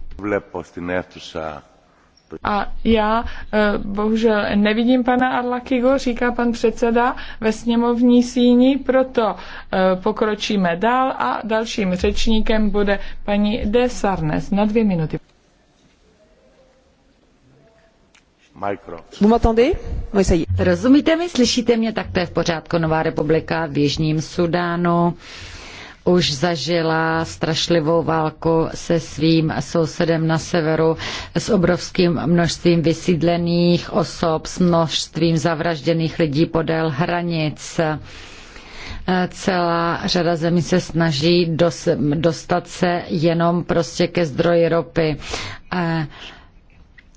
C: A já eh, bohužel nevidím pana Arlakigo, říká pan předseda ve sněmovní síni, proto eh,
A: pokročíme
C: dál a dalším řečníkem bude paní De Sarnes na dvě minuty.
D: Rozumíte mi, slyšíte mě, tak to je v pořádku Nová republika v Jižním Sudánu už zažila strašlivou válku se svým sousedem na severu s obrovským množstvím vysídlených osob, s množstvím zavražděných lidí podél hranic celá řada zemí se snaží dostat se jenom prostě ke zdroji ropy. Eh,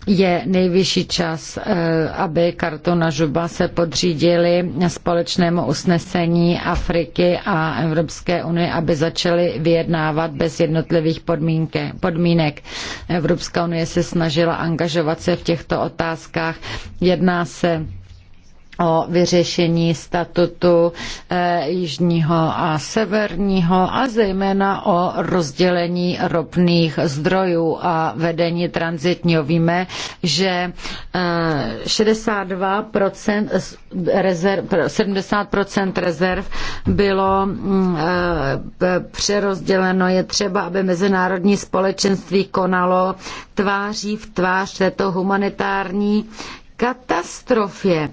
D: je nejvyšší čas, eh, aby kartona žuba se podřídili společnému usnesení Afriky a Evropské unie, aby začaly vyjednávat bez jednotlivých podmínky, podmínek. Evropská unie se snažila angažovat se v těchto otázkách. Jedná se o vyřešení statutu eh, jižního a severního a zejména o rozdělení ropných zdrojů a vedení transitního. Víme, že 62% eh, rezerv, 70% rezerv bylo mm, eh, přerozděleno. Je třeba, aby mezinárodní společenství konalo tváří v tvář této humanitární katastrofě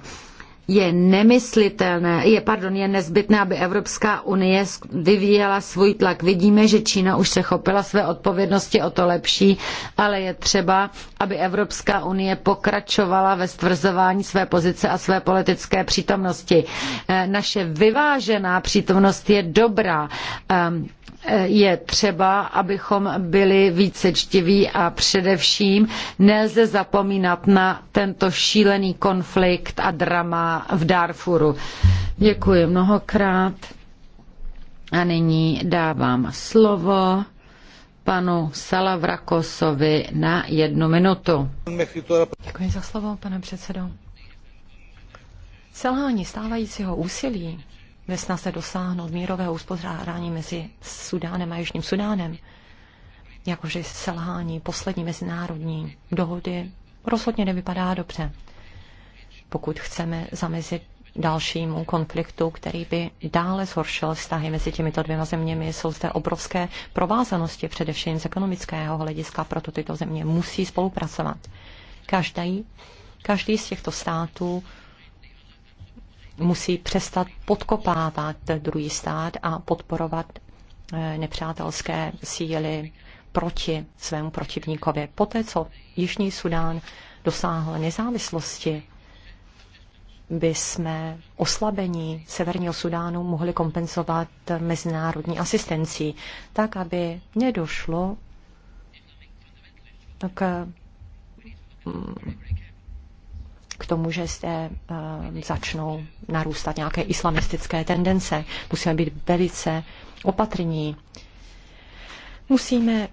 D: je nemyslitelné, je, pardon, je nezbytné, aby Evropská unie vyvíjela svůj tlak. Vidíme, že Čína už se chopila své odpovědnosti o to lepší, ale je třeba, aby Evropská unie pokračovala ve stvrzování své pozice a své politické přítomnosti. Eh, naše vyvážená přítomnost je dobrá ehm, je třeba, abychom byli více čtiví a především nelze zapomínat na tento šílený konflikt a drama v Darfuru. Děkuji mnohokrát a nyní dávám slovo panu Salavrakosovi na jednu minutu.
B: Děkuji za slovo, pane předsedo. Selhání stávajícího úsilí ve snaze dosáhnout mírového uspořádání mezi Sudánem a Jižním Sudánem, jakože selhání poslední mezinárodní dohody, rozhodně nevypadá dobře, pokud chceme zamezit dalšímu konfliktu, který by dále zhoršil vztahy mezi těmito dvěma zeměmi. Jsou zde obrovské provázanosti, především z ekonomického hlediska, proto tyto země musí spolupracovat. Každý, každý z těchto států musí přestat podkopávat druhý stát a podporovat eh, nepřátelské síly proti svému protivníkovi. Poté, co Jižní Sudán dosáhl nezávislosti, by jsme oslabení Severního Sudánu mohli kompenzovat mezinárodní asistencí, tak, aby nedošlo k mm, k tomu, že zde eh, začnou narůstat nějaké islamistické tendence. Musíme být velice opatrní. Musíme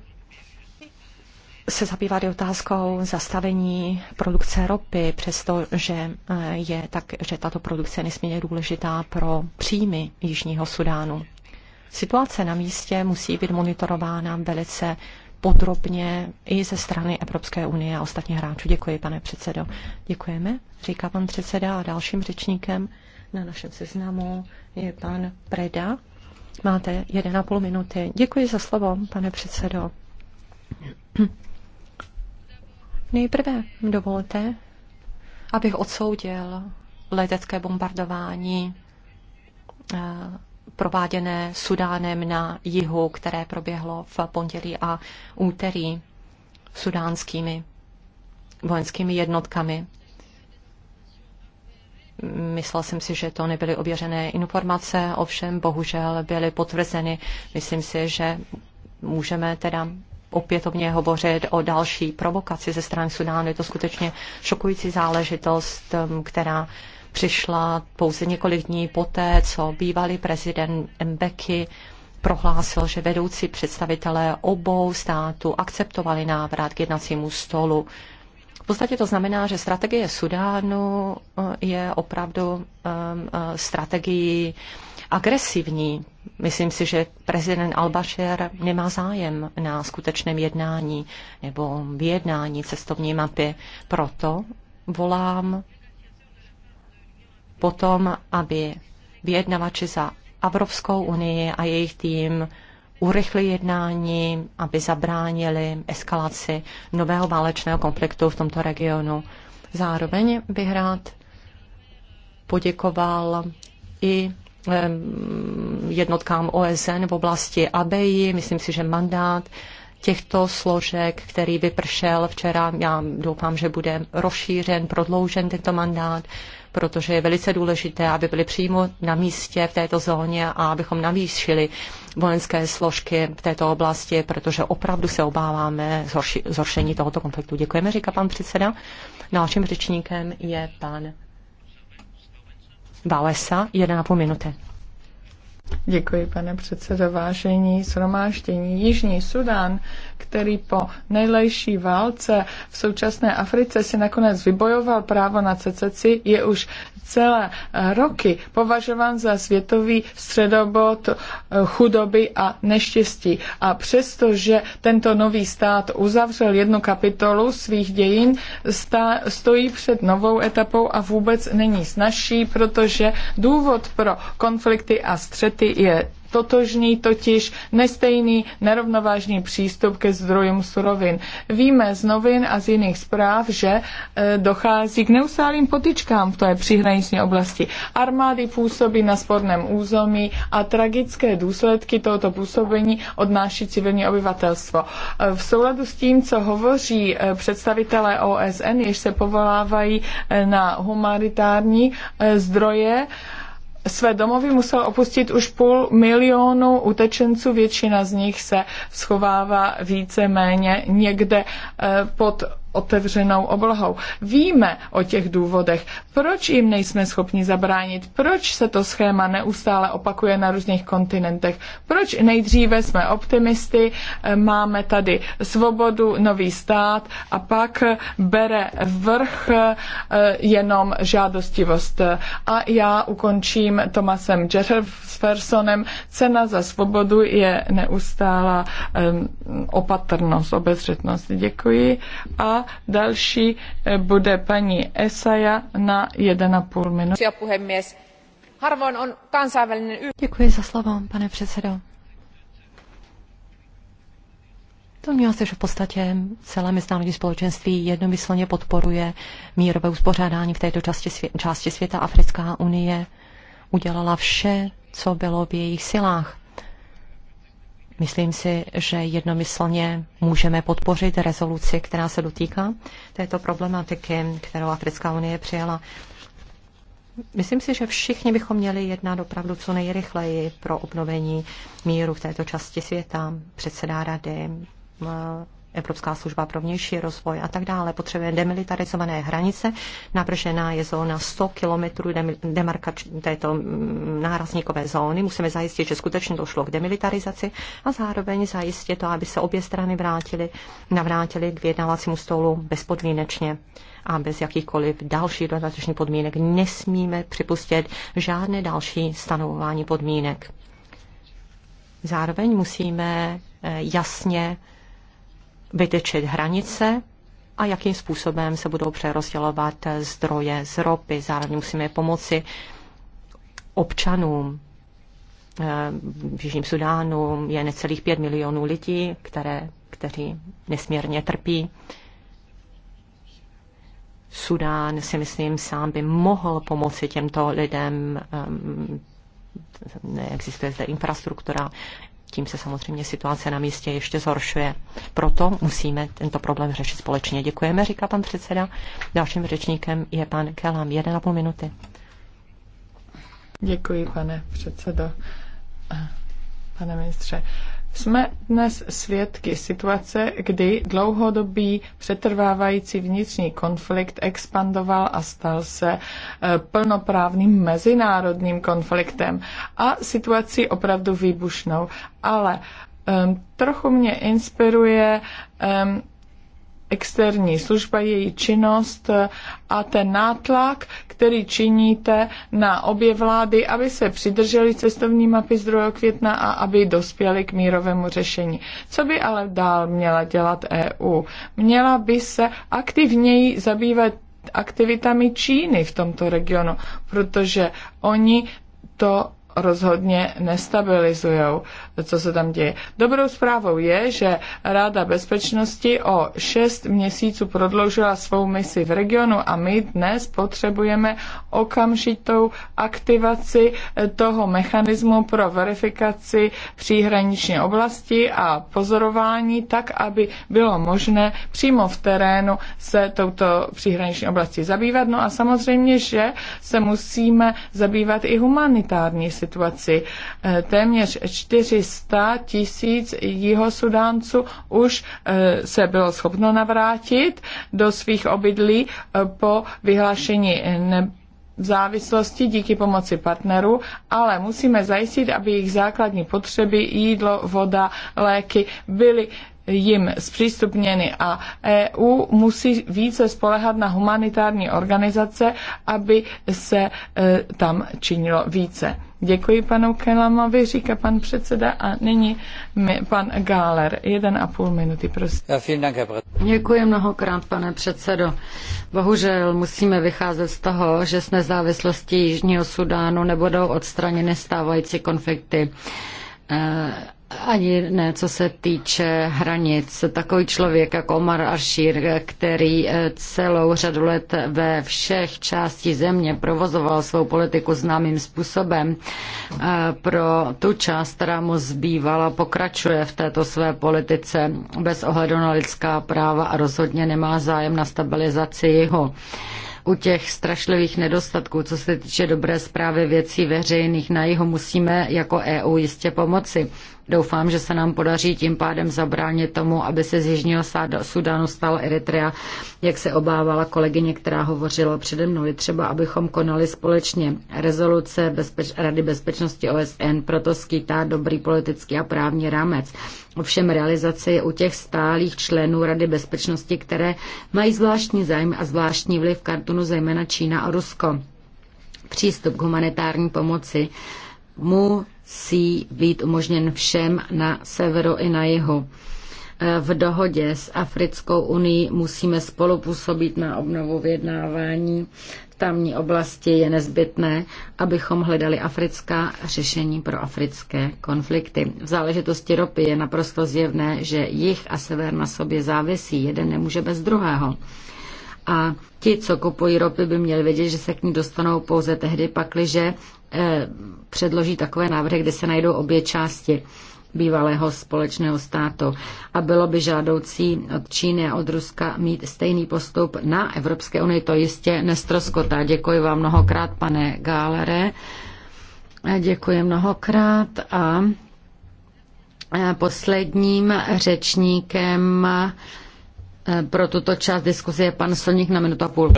B: se zabývat i otázkou zastavení produkce ropy, přestože eh, je tak, že tato produkce je nesmírně důležitá pro příjmy Jižního Sudánu. Situace na místě musí být monitorována velice podrobně i ze strany Evropské unie a ostatních hráčů. Děkuji, pane předsedo. Děkujeme, říká pan předseda a dalším řečníkem na našem seznamu je pan Preda. Máte 1,5 minuty. Děkuji za slovo, pane předsedo. Nejprve dovolte, abych odsoudil letecké bombardování eh, prováděné Sudánem na jihu, které proběhlo v pondělí a úterý sudánskými vojenskými jednotkami. Myslel jsem si, že to nebyly ověřené informace, ovšem bohužel byly potvrzeny. Myslím si, že můžeme teda opětovně hovořit o další provokaci ze strany Sudánu. Je to skutečně šokující záležitost, která přišla pouze několik dní poté, co bývalý prezident Mbeki prohlásil, že vedoucí představitelé obou států akceptovali návrat k jednacímu stolu. V podstatě to znamená, že strategie Sudánu eh, je opravdu eh, eh, strategií agresivní. Myslím si, že prezident Al-Bashir nemá zájem na skutečném jednání nebo vyjednání cestovní mapy. Proto volám potom, aby vyjednavači za Evropskou unii a jejich tým urychli jednání, aby zabránili eskalaci nového válečného konfliktu v tomto regionu. Zároveň bych rád poděkoval i jednotkám OSN v oblasti Abi, Myslím si, že mandát těchto složek, který vypršel včera, já doufám, že bude rozšířen, prodloužen tento mandát protože je velice důležité, aby byli přímo na místě v této zóně a abychom navýšili vojenské složky v této oblasti, protože opravdu se obáváme zhorši, zhoršení tohoto konfliktu. Děkujeme, říká pan předseda. Dalším no řečníkem je pan
C: a půl minuty. Děkuji, pane předsedo. Vážení shromáždění Jižní Sudan který po nejlejší válce v současné Africe si nakonec vybojoval právo na cececi, je už celé eh, roky považován za světový středobod eh, chudoby a neštěstí. A přestože tento nový stát uzavřel jednu kapitolu svých dějin, stá, stojí před novou etapou a vůbec není snažší, protože důvod pro konflikty a střety je stotožní totiž nestejný nerovnovážný přístup ke zdrojům surovin. Víme z novin a z jiných zpráv, že e, dochází k neustálým potičkám v té příhraniční oblasti. Armády působí na sporném území a tragické důsledky tohoto působení odnáší civilní obyvatelstvo. E, v souladu s tím, co hovoří e, představitelé OSN, jež se povolávají na humanitární zdroje, své domovy muselo opustit už půl milionu utečenců, většina z nich se schovává více méně někde eh, pod otevřenou oblohou Víme o těch důvodech, proč jim nejsme schopni zabránit, proč se to schéma neustále opakuje na různých kontinentech, proč nejdříve jsme optimisty, eh, máme tady svobodu, nový stát a pak bere vrch eh, jenom žádostivost. A já ukončím Tomasem Jeffersonem. Cena za svobodu je neustála eh, opatrnost, obezřetnost. Děkuji. A další eh, bude paní Esaja na 1,5 minut.
B: Děkuji za slovo, pane předsedo. To mělo se, že v podstatě celé mezinárodní společenství jednomyslně podporuje mírové uspořádání v této části, části světa. Africká unie udělala vše, co bylo v jejich silách Myslím si, že jednomyslně můžeme podpořit rezoluci, která se dotýká této problematiky, kterou Africká unie přijala. Myslím si, že všichni bychom měli jednat opravdu co nejrychleji pro obnovení míru v této části světa. Předsedá rady eh, Evropská služba pro vnější rozvoj a tak dále. Potřebuje demilitarizované hranice. Navržená je zóna 100 kilometrů demarkač této mm, nárazníkové zóny. Musíme zajistit, že skutečně došlo k demilitarizaci a zároveň zajistit to, aby se obě strany vrátily, navrátily k vyjednávacímu stolu bezpodmínečně a bez jakýchkoliv dalších dodatečných podmínek. Nesmíme připustit žádné další stanovování podmínek. Zároveň musíme eh, jasně vytyčit hranice a jakým způsobem se budou přerozdělovat zdroje z ropy. Zároveň musíme pomoci občanům v Jižním Sudánu je necelých pět milionů lidí, které, kteří nesmírně trpí. Sudán si myslím sám by mohl pomoci těmto lidem. Ehm, neexistuje zde infrastruktura, tím se samozřejmě situace na místě ještě zhoršuje. Proto musíme tento problém řešit společně. Děkujeme, říká pan předseda. Dalším řečníkem je pan Kelam. půl minuty.
C: Děkuji, pane předsedo. Pane ministře, jsme dnes svědky situace, kdy dlouhodobý přetrvávající vnitřní konflikt expandoval a stal se e, plnoprávným mezinárodním konfliktem a situací opravdu výbušnou. Ale um, trochu mě inspiruje um, externí služba, její činnost a ten nátlak, který činíte na obě vlády, aby se přidrželi cestovní mapy z 2. května a aby dospěli k mírovému řešení. Co by ale dál měla dělat EU? Měla by se aktivněji zabývat aktivitami Číny v tomto regionu, protože oni to rozhodně nestabilizují, co se tam děje. Dobrou zprávou je, že Ráda bezpečnosti o šest měsíců prodloužila svou misi v regionu a my dnes potřebujeme okamžitou aktivaci toho mechanismu pro verifikaci příhraniční oblasti a pozorování tak, aby bylo možné přímo v terénu se touto příhraniční oblasti zabývat. No a samozřejmě, že se musíme zabývat i humanitární situaci. Eh, téměř 400 tisíc jihosudánců už eh, se bylo schopno navrátit do svých obydlí eh, po vyhlášení ne- v závislosti díky pomoci partnerů, ale musíme zajistit, aby jejich základní potřeby, jídlo, voda, léky byly jim zpřístupněny a EU musí více spolehat na humanitární organizace, aby se e, tam činilo více. Děkuji panu Kelamovi, říká pan předseda a nyní pan Gáler. Jeden a půl minuty, prosím. Děkuji
D: mnohokrát, pane předsedo. Bohužel musíme vycházet z toho, že s nezávislostí Jižního Sudánu nebudou odstraněny stávající konflikty e, ani ne, co se týče hranic. Takový člověk jako Omar Arshir, který eh, celou řadu let ve všech částí země provozoval svou politiku známým způsobem, eh, pro tu část, která mu zbývala, pokračuje v této své politice bez ohledu na lidská práva a rozhodně nemá zájem na stabilizaci jeho u těch strašlivých nedostatků, co se týče dobré zprávy věcí veřejných na jihu, musíme jako EU jistě pomoci. Doufám, že se nám podaří tím pádem zabránit tomu, aby se z Jižního Sudánu stala Eritrea, jak se obávala kolegyně, která hovořila přede mnou. Je třeba, abychom konali společně rezoluce Bezpeč- Rady bezpečnosti OSN, proto skýtá dobrý politický a právní rámec. Ovšem realizace je u těch stálých členů Rady bezpečnosti, které mají zvláštní zájem a zvláštní vliv v kartonu, zejména Čína a Rusko. Přístup k humanitární pomoci mu musí být umožněn všem na severu i na jihu. E, v dohodě s Africkou unii musíme spolupůsobit na obnovu vyjednávání. V tamní oblasti je nezbytné, abychom hledali africká řešení pro africké konflikty. V záležitosti ropy je naprosto zjevné, že jich a sever na sobě závisí. Jeden nemůže bez druhého. A ti, co kupují ropy, by měli vědět, že se k ní dostanou pouze tehdy, pakliže předloží takové návrhy, kde se najdou obě části bývalého společného státu. A bylo by žádoucí od Číny a od Ruska mít stejný postup na Evropské unii. To jistě nestroskotá. Děkuji vám mnohokrát, pane Gálere. Děkuji mnohokrát a posledním řečníkem pro tuto část diskuze je pan Soník na minutu a půl.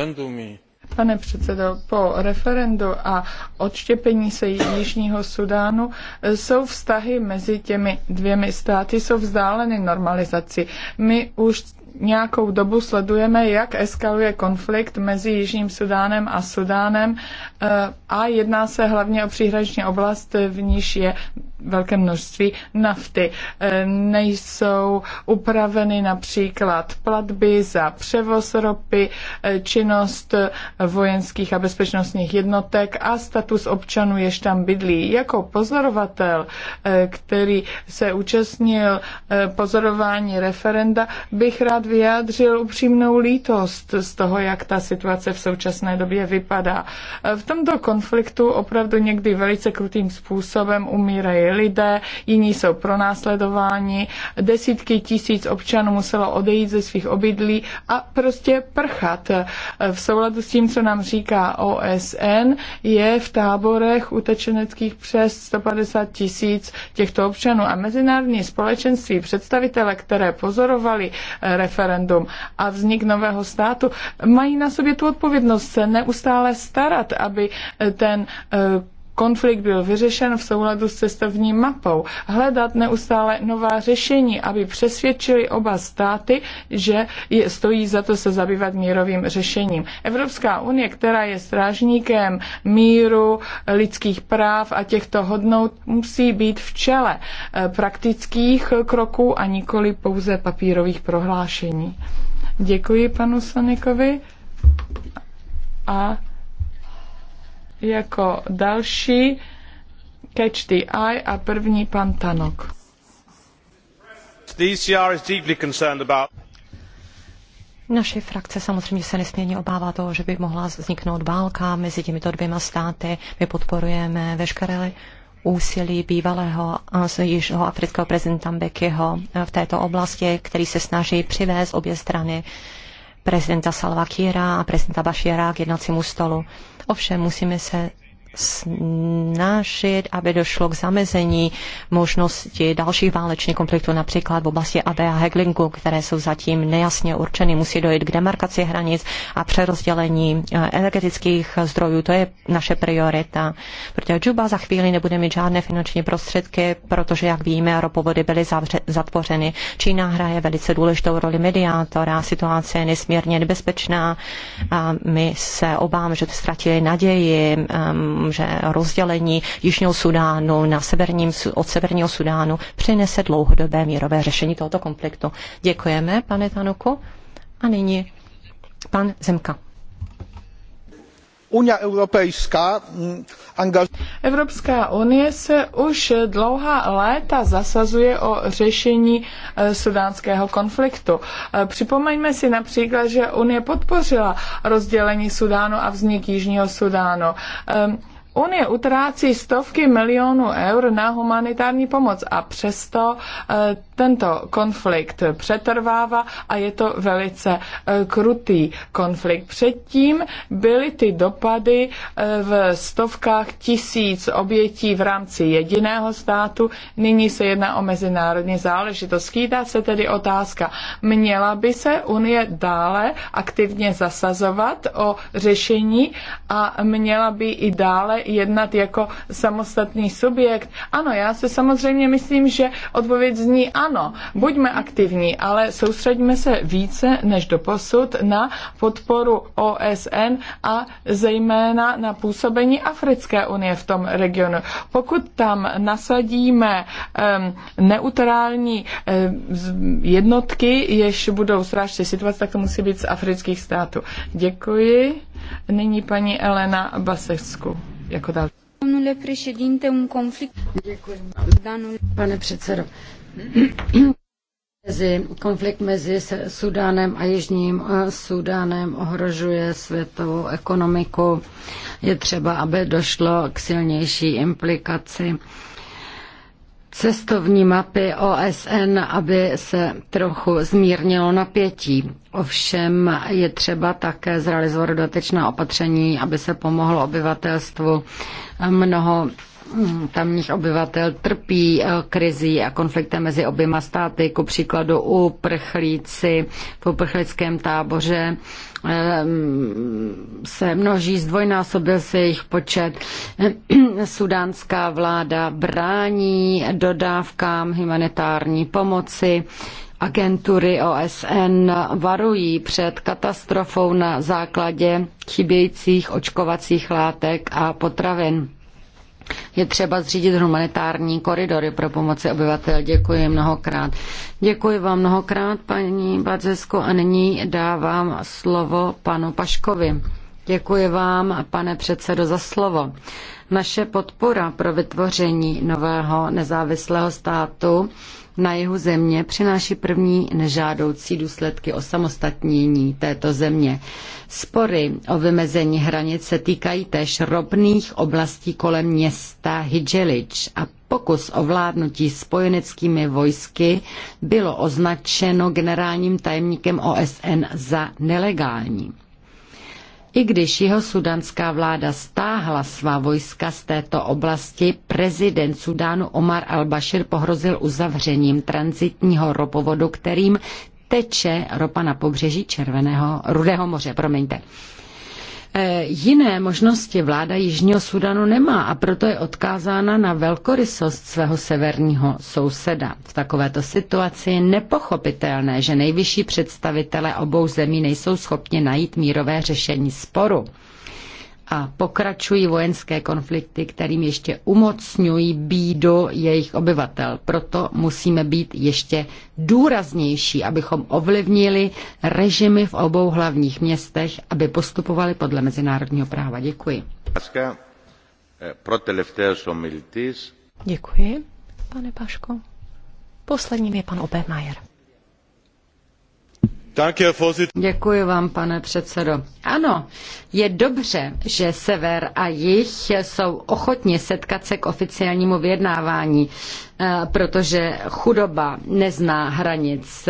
C: Pane předsedo, po referendu a odštěpení se Jižního Sudánu e, jsou vztahy mezi těmi dvěmi státy jsou vzdáleny normalizaci. My už nějakou dobu sledujeme, jak eskaluje konflikt mezi Jižním Sudánem a Sudánem eh, a jedná se hlavně o příhraniční oblast, v níž je velké množství nafty. Eh, nejsou upraveny například platby za převoz ropy, eh, činnost vojenských a bezpečnostních jednotek a status občanů, jež tam bydlí. Jako pozorovatel, který se účastnil pozorování referenda, bych rád rád vyjádřil upřímnou lítost z toho, jak ta situace v současné době vypadá. V tomto konfliktu opravdu někdy velice krutým způsobem umírají lidé, jiní jsou pronásledováni, desítky tisíc občanů muselo odejít ze svých obydlí a prostě prchat. V souladu s tím, co nám říká OSN, je v táborech utečeneckých přes 150 tisíc těchto občanů a mezinárodní společenství představitele, které pozorovali referendum, eh, referendum a vznik nového státu, mají na sobě tu odpovědnost se neustále starat, aby ten eh, konflikt byl vyřešen v souladu s cestovní mapou. Hledat neustále nová řešení, aby přesvědčili oba státy, že je, stojí za to se zabývat mírovým řešením. Evropská unie, která je strážníkem míru, lidských práv a těchto hodnot, musí být v čele eh, praktických kroků a nikoli pouze papírových prohlášení. Děkuji panu Sonikovi a jako další Catch the Eye a první pan Tanok.
A: The ECR
B: naše frakce samozřejmě se nesmírně obává toho, že by mohla vzniknout válka mezi těmito dvěma státy. My podporujeme veškeré úsilí bývalého jižního afrického prezidenta Bekyho v této oblasti, který se snaží přivést obě strany prezidenta Salva Kiira a prezidenta Bašiera k jednacímu stolu. Ovšem musíme se snažit, aby došlo k zamezení možnosti dalších válečných konfliktů, například v oblasti AB a Heglingu, které jsou zatím nejasně určeny. Musí dojít k demarkaci hranic a přerozdělení eh, energetických zdrojů. To je naše priorita, protože Džuba za chvíli nebude mít žádné finanční prostředky, protože, jak víme, ropovody byly zavře- zatvořeny. Čína hraje velice důležitou roli mediátora, situace je nesmírně nebezpečná a my se obáváme, že to ztratili naději. Um, že rozdělení Jižního Sudánu na severním, od Severního Sudánu přinese dlouhodobé mírové řešení tohoto konfliktu. Děkujeme, pane Tanuku. A nyní pan Zemka.
A: Unia evropská,
C: mm, angaž... Evropská unie se už dlouhá léta zasazuje o řešení e, sudánského konfliktu. E, připomeňme si například, že Unie podpořila rozdělení Sudánu a vznik Jižního Sudánu. Ehm, Unie utrácí stovky milionů eur na humanitární pomoc a přesto eh, tento konflikt přetrvává a je to velice eh, krutý konflikt. Předtím byly ty dopady eh, v stovkách tisíc obětí v rámci jediného státu, nyní se jedná o mezinárodní záležitost. Skýtá se tedy otázka, měla by se Unie dále aktivně zasazovat o řešení a měla by i dále jednat jako samostatný subjekt? Ano, já se samozřejmě myslím, že odpověď zní ano. Buďme aktivní, ale soustředíme se více než do posud na podporu OSN a zejména na působení Africké unie v tom regionu. Pokud tam nasadíme um, neutrální um, jednotky, jež budou strážci situace, tak to musí být z afrických států. Děkuji. Nyní paní Elena Basesku jako dál.
D: Domnule președinte, un Pane předsedo. konflikt mezi Sudánem a Jižním eh, Sudánem ohrožuje světovou ekonomiku. Je třeba, aby došlo k silnější implikaci cestovní mapy OSN, aby se trochu zmírnilo napětí. Ovšem je třeba také zrealizovat dodatečná opatření, aby se pomohlo obyvatelstvu. Mnoho Hmm, tamních obyvatel trpí eh, krizí a konfliktem mezi oběma státy, ku příkladu uprchlíci v uprchlickém táboře ehm, se množí, zdvojnásobil se jejich počet. Ehm, sudánská vláda brání dodávkám humanitární pomoci. Agentury OSN varují před katastrofou na základě chybějících očkovacích látek a potravin. Je třeba zřídit humanitární koridory pro pomoci obyvatel. Děkuji mnohokrát. Děkuji vám mnohokrát, paní Badzesko, a nyní dávám slovo panu Paškovi. Děkuji vám, pane předsedo, za slovo. Naše podpora pro vytvoření nového nezávislého státu na jeho země přináší první nežádoucí důsledky o samostatnění této země. Spory o vymezení hranic se týkají též ropných oblastí kolem města Hidželič a pokus o vládnutí spojeneckými vojsky bylo označeno generálním tajemníkem OSN za nelegální. I když jeho sudanská vláda stáhla svá vojska z této oblasti, prezident Sudánu Omar al-Bashir pohrozil uzavřením transitního ropovodu, kterým teče ropa na pobřeží Červeného, Rudého moře, promiňte. Eh, jiné možnosti vláda Jižního Sudanu nemá a proto je odkázána na velkorysost svého severního souseda. V takovéto situaci je nepochopitelné, že nejvyšší představitelé obou zemí nejsou schopni najít mírové řešení sporu a pokračují vojenské konflikty, kterým ještě umocňují bídu jejich obyvatel. Proto musíme být ještě důraznější, abychom ovlivnili režimy v obou hlavních městech, aby postupovali podle mezinárodního práva. Děkuji.
B: Děkuji, pane Paško. Posledním je pan Obermajer.
D: Děkuji vám, pane předsedo. Ano, je dobře, že sever a jih jsou ochotně setkat se k oficiálnímu vyjednávání, eh, protože chudoba nezná hranic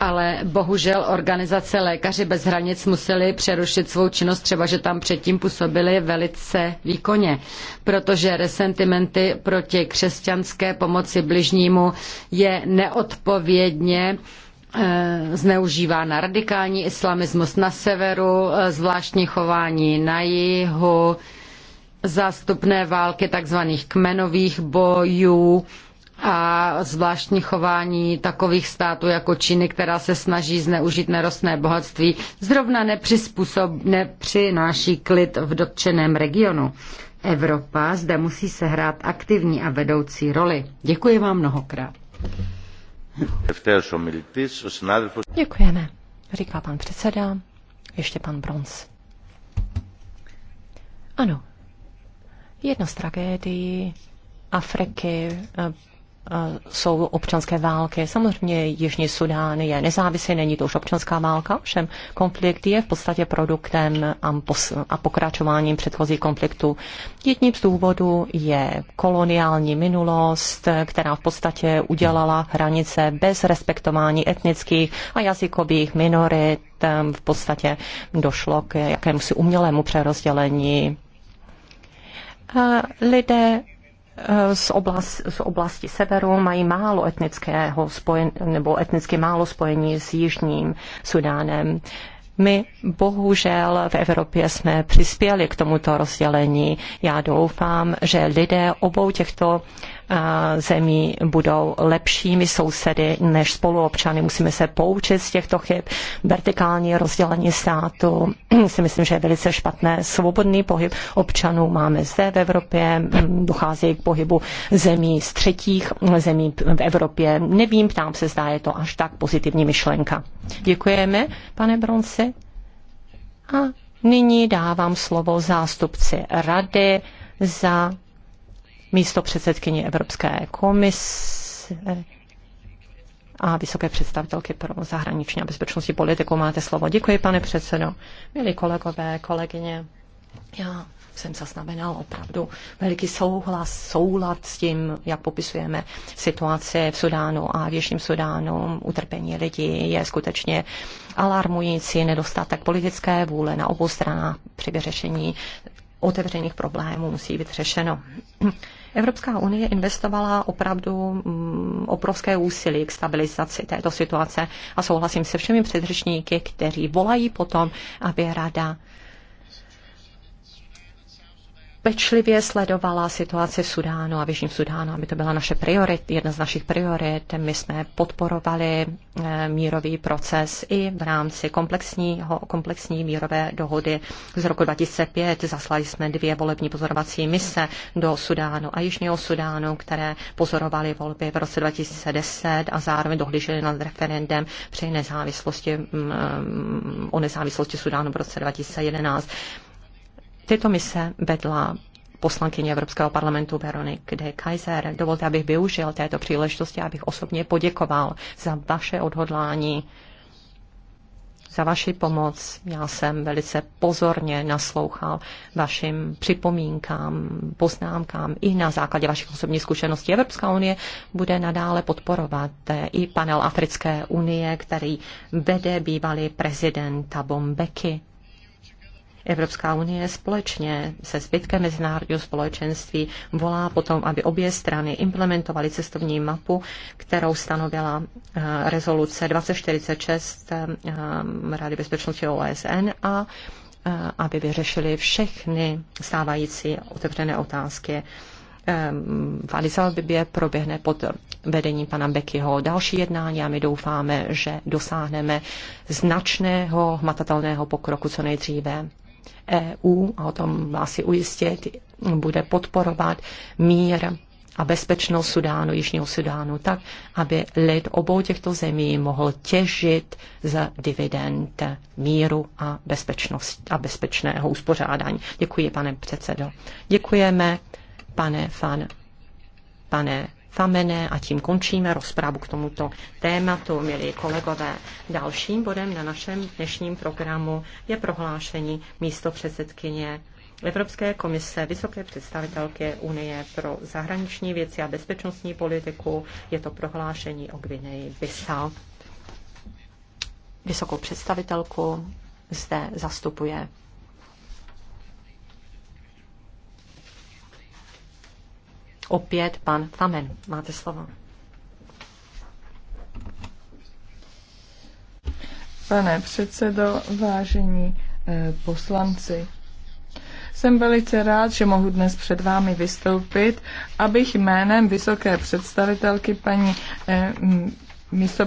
D: ale bohužel organizace Lékaři bez hranic museli přerušit svou činnost, třeba že tam předtím působili velice výkonně, protože resentimenty proti křesťanské pomoci bližnímu je neodpovědně uh, Eh, zneužívá na radikální islamismus na severu, eh, zvláštní chování na jihu, zástupné války tzv. kmenových bojů a zvláštní chování takových států jako Číny, která se snaží zneužít nerostné bohatství, zrovna nepřináší klid v dotčeném regionu. Evropa zde musí sehrát aktivní a vedoucí roli. Děkuji vám mnohokrát.
B: Děkujeme, říká pan předseda. Ještě pan Bronz. Ano. Jedna z tragédií Afriky eh, jsou občanské války. Samozřejmě Jižní Sudán je nezávislý, není to už občanská válka, všem konflikt je v podstatě produktem a pokračováním předchozí konfliktu. Jedním z důvodů je koloniální minulost, která v podstatě udělala hranice bez respektování etnických a jazykových minorit. V podstatě došlo k jakémusi umělému přerozdělení lidé Eh, z, oblast, z oblasti severu mají málo etnického spojení, nebo etnicky málo spojení s jižním Sudánem. My bohužel v Evropě jsme přispěli k tomuto rozdělení. Já doufám, že lidé obou těchto zemí budou lepšími sousedy než spoluobčany. Musíme se poučit z těchto chyb. Vertikální rozdělení státu si myslím, že je velice špatné. Svobodný pohyb občanů máme zde v Evropě. Dochází k pohybu zemí z třetích zemí v Evropě. Nevím, ptám se, zdá je to až tak pozitivní myšlenka. Děkujeme, pane Bronce A nyní dávám slovo zástupci rady za místo předsedkyni Evropské komise a vysoké představitelky pro zahraniční a bezpečnostní politiku. Máte slovo. Děkuji, pane předsedo. Milí kolegové, kolegyně, já jsem zaznamenal opravdu veliký souhlas, soulad s tím, jak popisujeme situaci v Sudánu a v Jižním Sudánu. Utrpení lidí je skutečně alarmující nedostatek politické vůle na obou stranách při vyřešení otevřených problémů musí být řešeno. Evropská unie investovala opravdu mm, obrovské úsilí k stabilizaci této situace a souhlasím se všemi předřečníky, kteří volají potom, aby rada pečlivě sledovala situaci v Sudánu a v Jižním Sudánu, aby to byla naše priorit, jedna z našich priorit. My jsme podporovali eh, mírový proces i v rámci komplexního, komplexní mírové dohody z roku 2005. Zaslali jsme dvě volební pozorovací mise do Sudánu a Jižního Sudánu, které pozorovaly volby v roce 2010 a zároveň dohlíželi nad referendem při nezávislosti, mm, eh, o nezávislosti Sudánu v roce 2011. Tyto mise vedla poslankyně Evropského parlamentu Veronik de Kaiser. Dovolte, abych využil této příležitosti, abych osobně poděkoval za vaše odhodlání, za vaši pomoc. Já jsem velice pozorně naslouchal vašim připomínkám, poznámkám i na základě vašich osobních zkušeností. Evropská unie bude nadále podporovat i panel Africké unie, který vede bývalý prezident Thabo Evropská unie společně se zbytkem mezinárodního společenství volá potom, aby obě strany implementovaly cestovní mapu, kterou stanovila eh, rezoluce 2046 eh, eh, Rady bezpečnosti OSN a aby vyřešili všechny stávající otevřené otázky v Addis Abibě proběhne pod vedením pana Bekyho další jednání a my doufáme, že dosáhneme značného hmatatelného pokroku co nejdříve. EU, a o tom vás si ujistit, bude podporovat mír a bezpečnost Sudánu, Jižního Sudánu, tak, aby lid obou těchto zemí mohl těžit z dividend míru a, bezpečnost, a bezpečného uspořádání. Děkuji, pane předsedo. Děkujeme, pane Fan, pane Famene a tím končíme rozpravu k tomuto tématu, milí kolegové. Dalším bodem na našem dnešním programu je prohlášení místo předsedkyně Evropské komise vysoké představitelky Unie pro zahraniční věci a bezpečnostní politiku. Je to prohlášení o Gvineji Bissau. Vysokou představitelku zde zastupuje Opět pan Famen. Máte slovo.
C: Pane předsedo, vážení eh, poslanci, jsem velice rád, že mohu dnes před vámi vystoupit, abych jménem vysoké představitelky paní eh, místo